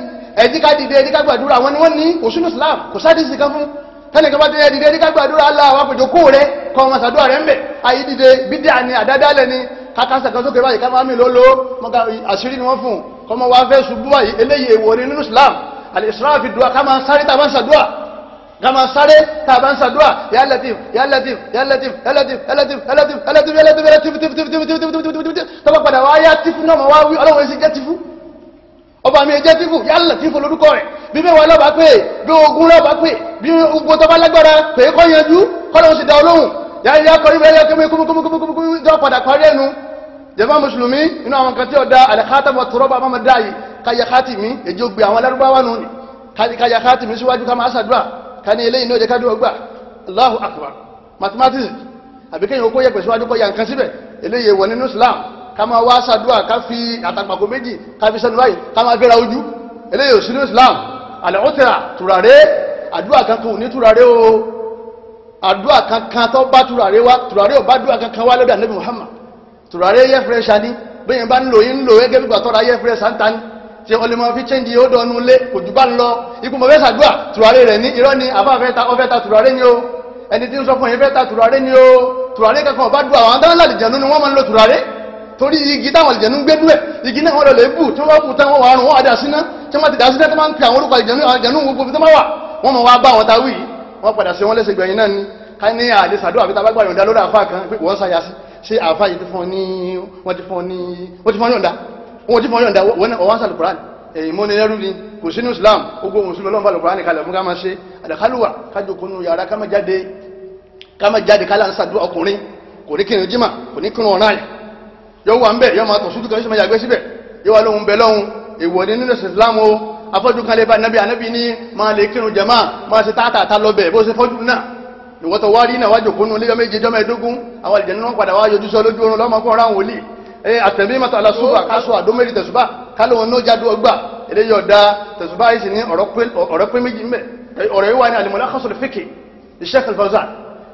A: ẹ̀díkà dìde ẹ̀díkà gbàdúrà àwọn ni wọ́n ní kò sínú Islam kò sádìsì kan fún tẹ́lẹ̀ kan bá dé ẹ̀dìdẹ ẹ̀díkà gbàdúrà Allahu akbar jòkó rẹ kọ́ ọmọ sàdúrà rẹ ń bẹ̀ àyídìdẹ bídíà ni àdádálẹ̀ ni kákásà báyìí ká mi lólo àṣírí ni wọ́n fún kọ́mọ wa fẹ́ ṣubú báyìí eléyìí èèwọ̀ ni nínú Islam àlè ìṣúra kama sáré tá a bá ń ṣàdúrà yà lẹ́tìm yà lẹ́tìm yà lẹ́tìm yà lẹ́tìm yà lẹ́tìm yà lẹ́tìm yà lẹ́tìm yà lẹ́tìm yà lẹ́tìm tìfù tìfù tìfù tìfù tìfù tìfù tọ́ba padà wá yá tìfù náà wá wí ọlọ́run èsì jẹ́ tìfù ọba mi jẹ́ tìfù yà lẹ́tìfù lórúkọ rẹ̀ bí mẹ́wàá lọ́ba pé bí ogun lọ́ba pé bí ogun tọ́ba lágbára pé kọ́ yanjú kọ́lọ́run sì dá olóhùn yàrá kọrí bẹ́ẹ̀ kẹ́mi kúmukúmukúmukúmukú jọ padà parí ẹnu jẹ̀mọ́ mùsùlùmí inú àwọn kan tí ó da alẹ́kátàmọ́ tọrọ́bà mọ́mọ́dá yìí káyà kátìmí èjì ògbé àwọn alárúbáwá nù ní káyà kátìmí síwájú ká máa ṣàdúrà ká ní eléyìí ní ó jẹ́ kádùn ọgbà Allahu akbar mathematics àbí kéèyàn ó kó yẹ̀pẹ̀ síwájú kó ya nǹkan síbẹ̀ eléyìí wọ̀ nínú Islam ká máa wá sàdúrà ká fi àtàkpàkò méjì ká fi sẹ́nu báyìí ká máa gbéra ojú eléyìí ò sí nínú Islam àlẹ́ ó turare tùràrẹ́ àdúrà kankan ò ní tùràrẹ́ o àdúrà kankan tó bá turare wa turare ò bá àdúrà kankan wá lọ́dọ̀ Ànábì Muhammad tùràrẹ́ yẹ fúrẹ́ṣà ni bẹ́ẹ̀ bá ń lò yín ń lò gẹ́gẹ́ bí gbàtọ́ra yẹ fúrẹ́ṣà ń ta ni tí ó lè máa fi chẹ́ǹdì ó dọ̀nù lé kò jù bá ń lọ ikú mọ̀ fẹ́ sàdúà tùràrí rẹ̀ ní irọ́ ni àbá fẹ́ ta ọfẹ́ ta tùràrí ni o ẹni tí ń sọ fún yín fẹ́ ta tùràrí ni o tùràrí kankan ọba dùn àwọn adáńlá àlìjẹ̀nu ni wọ́n máa ń lo tùràrí torí igi táwọn àlìjẹ̀nu ń gbé dúẹ̀ igi náà wọ́n lọ lè bù tí wọ́n bù tán wọ́n wà rùn wọ́n àdá síná tí wọ́n ti dá síná tí wọ́n pe àwọn orúkọ àlìjẹ̀nu gbogbo fi tó máa wà wọ́n máa wá bá wọn táwí wọ́n padà sí wọn lẹ́sẹ̀ gbẹ̀yìn náà ni ká ní àlè sàdúrà àbí tabagbà yọ̀ǹda lórí àfa kan pé wọ́n sáyà sí ṣé àfa yìí ti fún ní wọ́n ti fún ní wọ́n ti fún ní ọ̀dà wọn ti fọ yọ̀ǹda wọn náà ọwọ́ sàlùkùrán èyí mọ́ni lẹ́rú ni kò sínú Islam gbogbo mùsùlùmí ọlọ́run balùkùrán kalẹ̀ fún ká máa ṣe àdàkálùwà kájò kunu yàrá ká máa jáde ká máa jáde kálá ń sàdúrà ọkùnrin kò ní kírun jimá kò ní kírun ọ̀nà rẹ̀ yóò wà ń bẹ̀ yóò máa tọ̀ sójú kan yóò máa yàgbé síbẹ̀ yóò wà lóhun bẹ̀ lọ́hun èèwọ̀ ni nínú Islam o afọ́jú kan lè ba anabi anabi ni máa lè kírun jama máa ṣe tààtà lọ bẹ̀ bó ṣe fọ́jú náà ìwọ́tọ̀ wárí náà wájò kunu lé yọ méje jọmọ ẹ̀dógún àwọn àlìjẹ́ nínú padà wá yọjú sọ lójú oorun lọ́mọkùnrin ráwọn wòlíì Eh, àtẹ̀mí mọ́tò alásùbà oh, káṣọ àdómẹ́rì tẹ̀sùbà kálọ̀ wọn náà jáde ọgbà eléyìí ọ̀dà tẹ̀sùbà yìí sì ní ọ̀rọ̀ pé méjì mẹ́ eh, ọ̀rọ̀ yìí wà ní àlùmọ́lá kọ́sọ̀lù fèkè Sheikh Al-Fawzan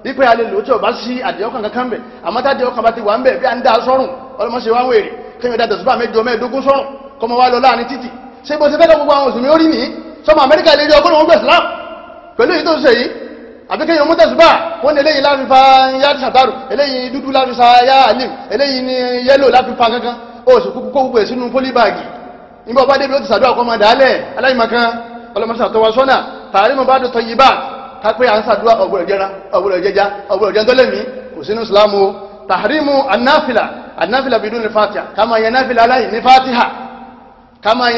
A: wípé alẹ́ lò ó tí ọba sí àdéhọ́kàn kankan bẹ̀ àmọ́ tá àdéhọ́kàn bá ti wà ń bẹ̀ bí à ń dá sọ́rùn ọlọ́mọṣẹ́ wá ń wèrè kéèyàn dá tẹ̀sùbà mẹ́jọ mẹ́ẹ̀ẹ́dógún sọ́rùn kọ́mọ wá lọ láàrin títì ṣé bó ṣe fẹ́ lọ gbogbo àwọn òsùnmí ó rí nìyí sọmọ Amẹ́ríkà ilé àbíkẹ́ yóò mú tẹ̀sùbá wọ́n ní eléyìí láfi fa yá sàtàrù eléyìí dúdú láfi fa yá àlè eléyìí ní yẹ́lò láfi fa kankan ó sì kúkú kó gbogbo ẹ̀ sínú pólíbàgì nígbà ọba débi ó ti sàdúrà kọ́ máa dàálẹ̀ aláìmọ̀kan ọlọ́mọṣà tó wá sọ́nà tààrí mo bá dùn tọyí bá kápẹ́ à ń sàdúrà ọ̀gbọ̀rọ̀ jẹra ọ̀gbọ̀rọ̀ bidun ní fatiha ká máa yẹn náfìlà láì ní fatiha ká máa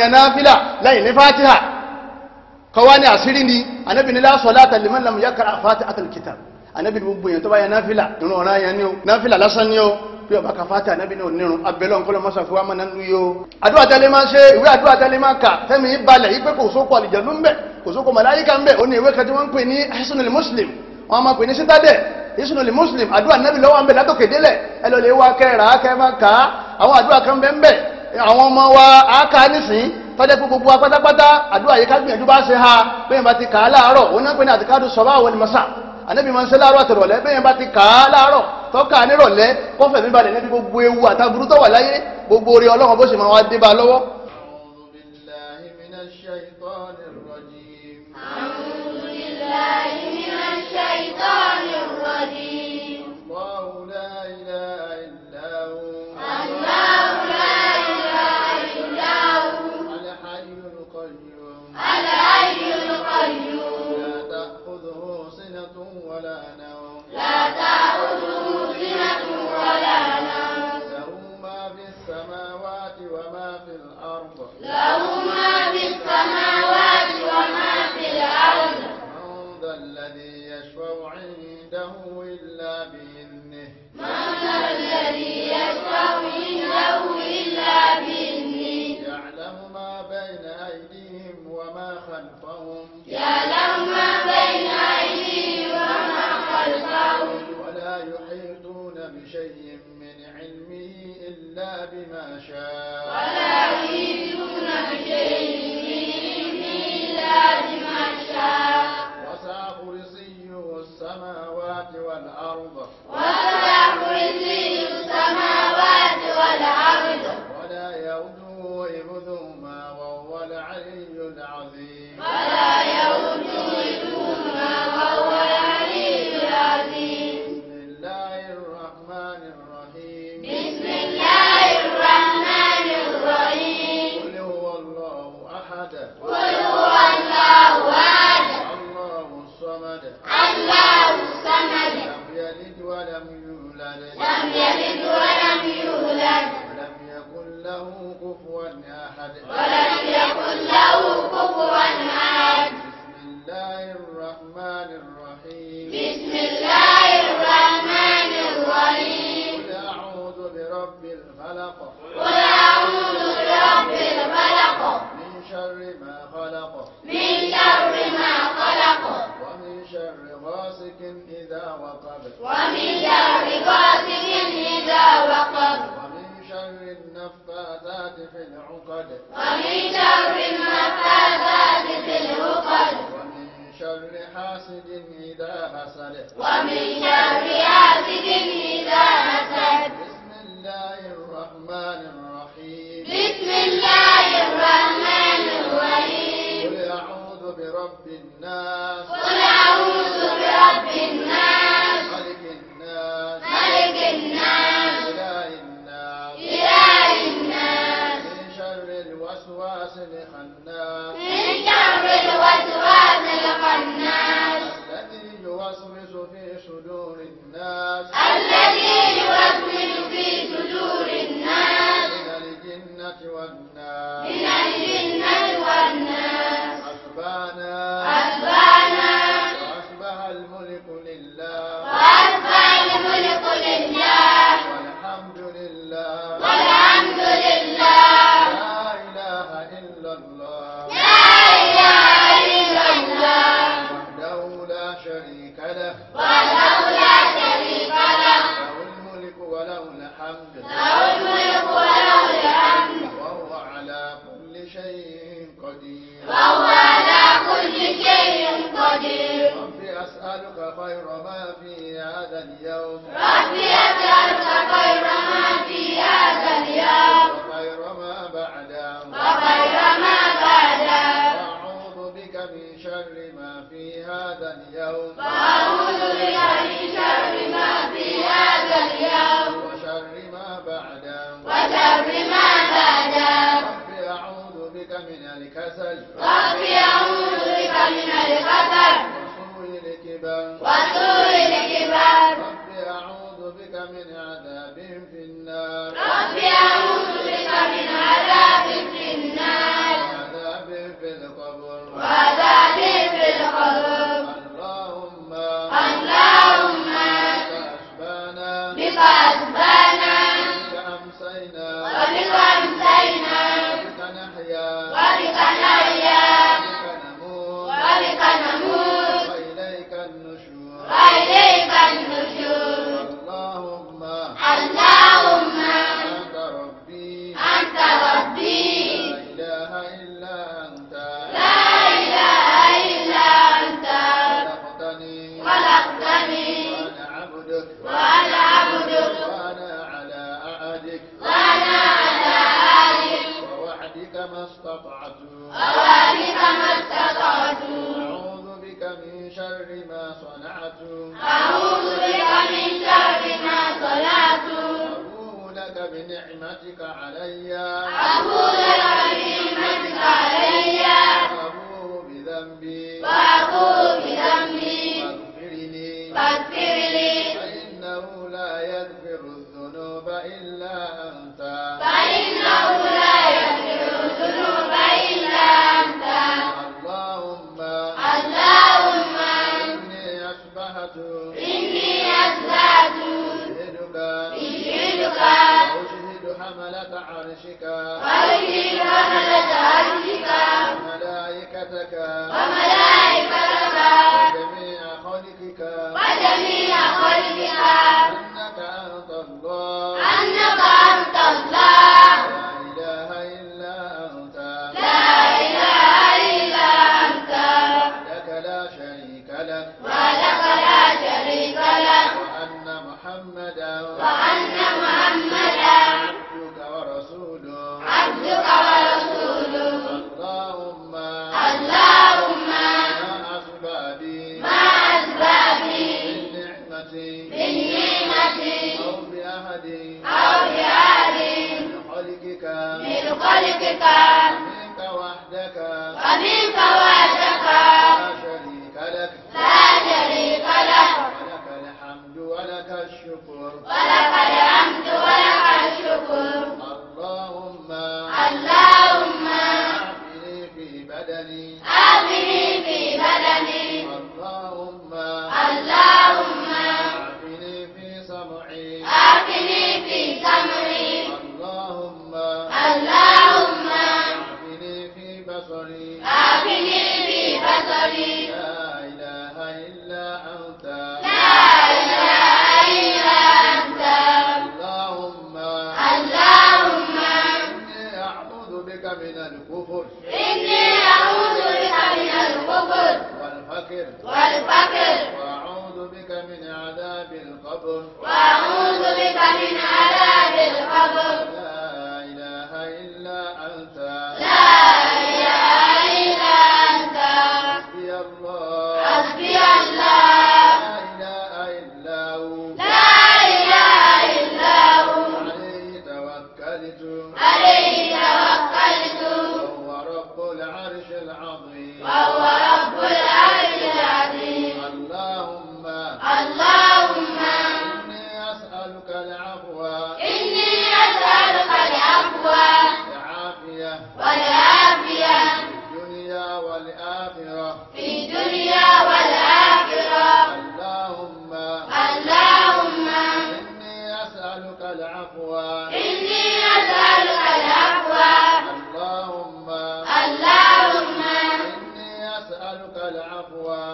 A: kọ́wá ní àṣírí ni anábì ní la salata liman lam yaqra fatihatal kitab anábì gbogbo yẹn tó bá yẹ náfìlà nínú ọ̀rá yẹn ni ó náfìlà lásán ni ó bí ọba kafata anábì náà nírun abẹ́lẹ́ ọ̀nkọ́lọ́ mọ́sá fi wá mọ́ nánú yó. àdúrà tẹ́lẹ̀ máa ń ṣe ìwé àdúrà tẹ́lẹ̀ máa kà fẹ́mi balẹ̀ yí pé kò sóko àlìjẹ̀nu ń bẹ̀ kò sóko màláyíkà ń bẹ̀ ó ní ìwé kan tí wọ́n ń pè ní hisunul muslim wọ́n máa pè ní sítádẹ̀ hisunul muslim àdúrà nábì lọ́wọ́ ń bẹ̀ látòkè délẹ̀ ẹ lọ lè wá kẹ́ rà á kẹ́ máa kà á àwọn àdúrà kan bẹ́ẹ̀ ń wa á kà tọ́jẹ́ pé gbogbo apátápátá àdúrà yìí ká gbìyànjú bá ṣe ha bẹ́ẹ̀ bá ti kà á láàárọ̀ òun náà pé ní àtikádù sọ̀bá àwọn olùmọ̀sá ànábì máa ń ṣe láàárọ̀ àtẹ̀rọ̀lẹ́ bẹ́ẹ̀ bá ti kà á láàárọ̀ tọ́ka nírọ̀lẹ́ kọ́fẹ̀ mi balẹ̀ níbi gbogbo ewu àtàbùrú tó láyé gbogbo orí ọlọ́run bó ṣe máa wá dé bá lọ́wọ́.
E: A'udhu
C: ما شاء ولا يحيطون بشيء إلا بما شاء وسع كرسيه السماوات والأرض وسع كرسيه الله الرحمن الرحيم بسم الله الرحمن الرحيم قل أعوذ برب الفلق I'm Danny Castle. هو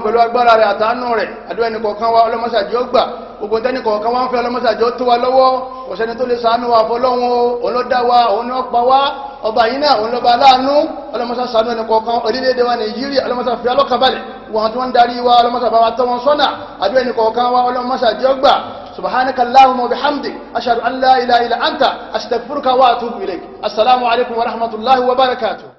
A: wa pẹ̀lú agbára rẹ̀ àtàánú rẹ̀ àdúrà ẹni kọ̀ọ̀kan wa ọlọ́mọṣàjì ó gbà gbogbo tẹ́ni kọ̀ọ̀kan wa ń fẹ́ ọlọ́mọṣàjì ó tó wa lọ́wọ́ kò sẹ́ni tó lè ṣàánú wa fọlọ́hún o òun ló dá wa òun ni ó pa wá ọba yìí náà òun lọ́ba aláàánú ọlọ́mọṣà ṣàánú orílẹ̀-èdè wa سبحانك اللهم وبحمدك
E: أشهد أن لا إله أنت أستغفرك وأتوب إليك السلام عليكم ورحمة الله وبركاته